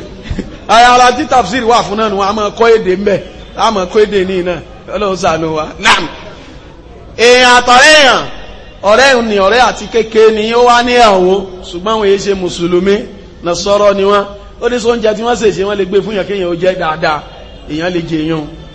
ayára tí tafsir wà fún náà nù a máa kọ́ èdè ń bẹ̀ a máa kọ́ èdè ní iná ọlọ́run sàánú wa nam èèyàn àtọ̀rẹ́ èèyàn ọ̀rẹ́ ni ọ̀rẹ́ àti kékeré ni ó wá ní ẹ̀wọ̀n ṣùgbọ́n wọ́n yé ṣe mùsùlùmí na sọ̀rọ̀ ni wọ́n ó ní sóúnjẹ tí wọ́n sèṣe wọ́n lè gbé fún yàn kéèyàn ó jẹ́ dáadáa èèyàn lè jẹ èèyàn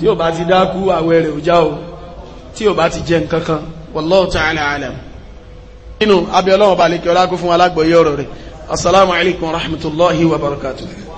tí ó bá ti dákú àwẹ̀ rẹ̀ òjá o tí ó bá ti jẹ nǹkankan wallahu ta'ala alam abẹ́ ọlọ́wọ́ bá ọlá kó fún alágbọ̀yẹ́ ọ̀rọ̀ rẹ̀ assalamu alaikum warahmatullahi wabarakatuh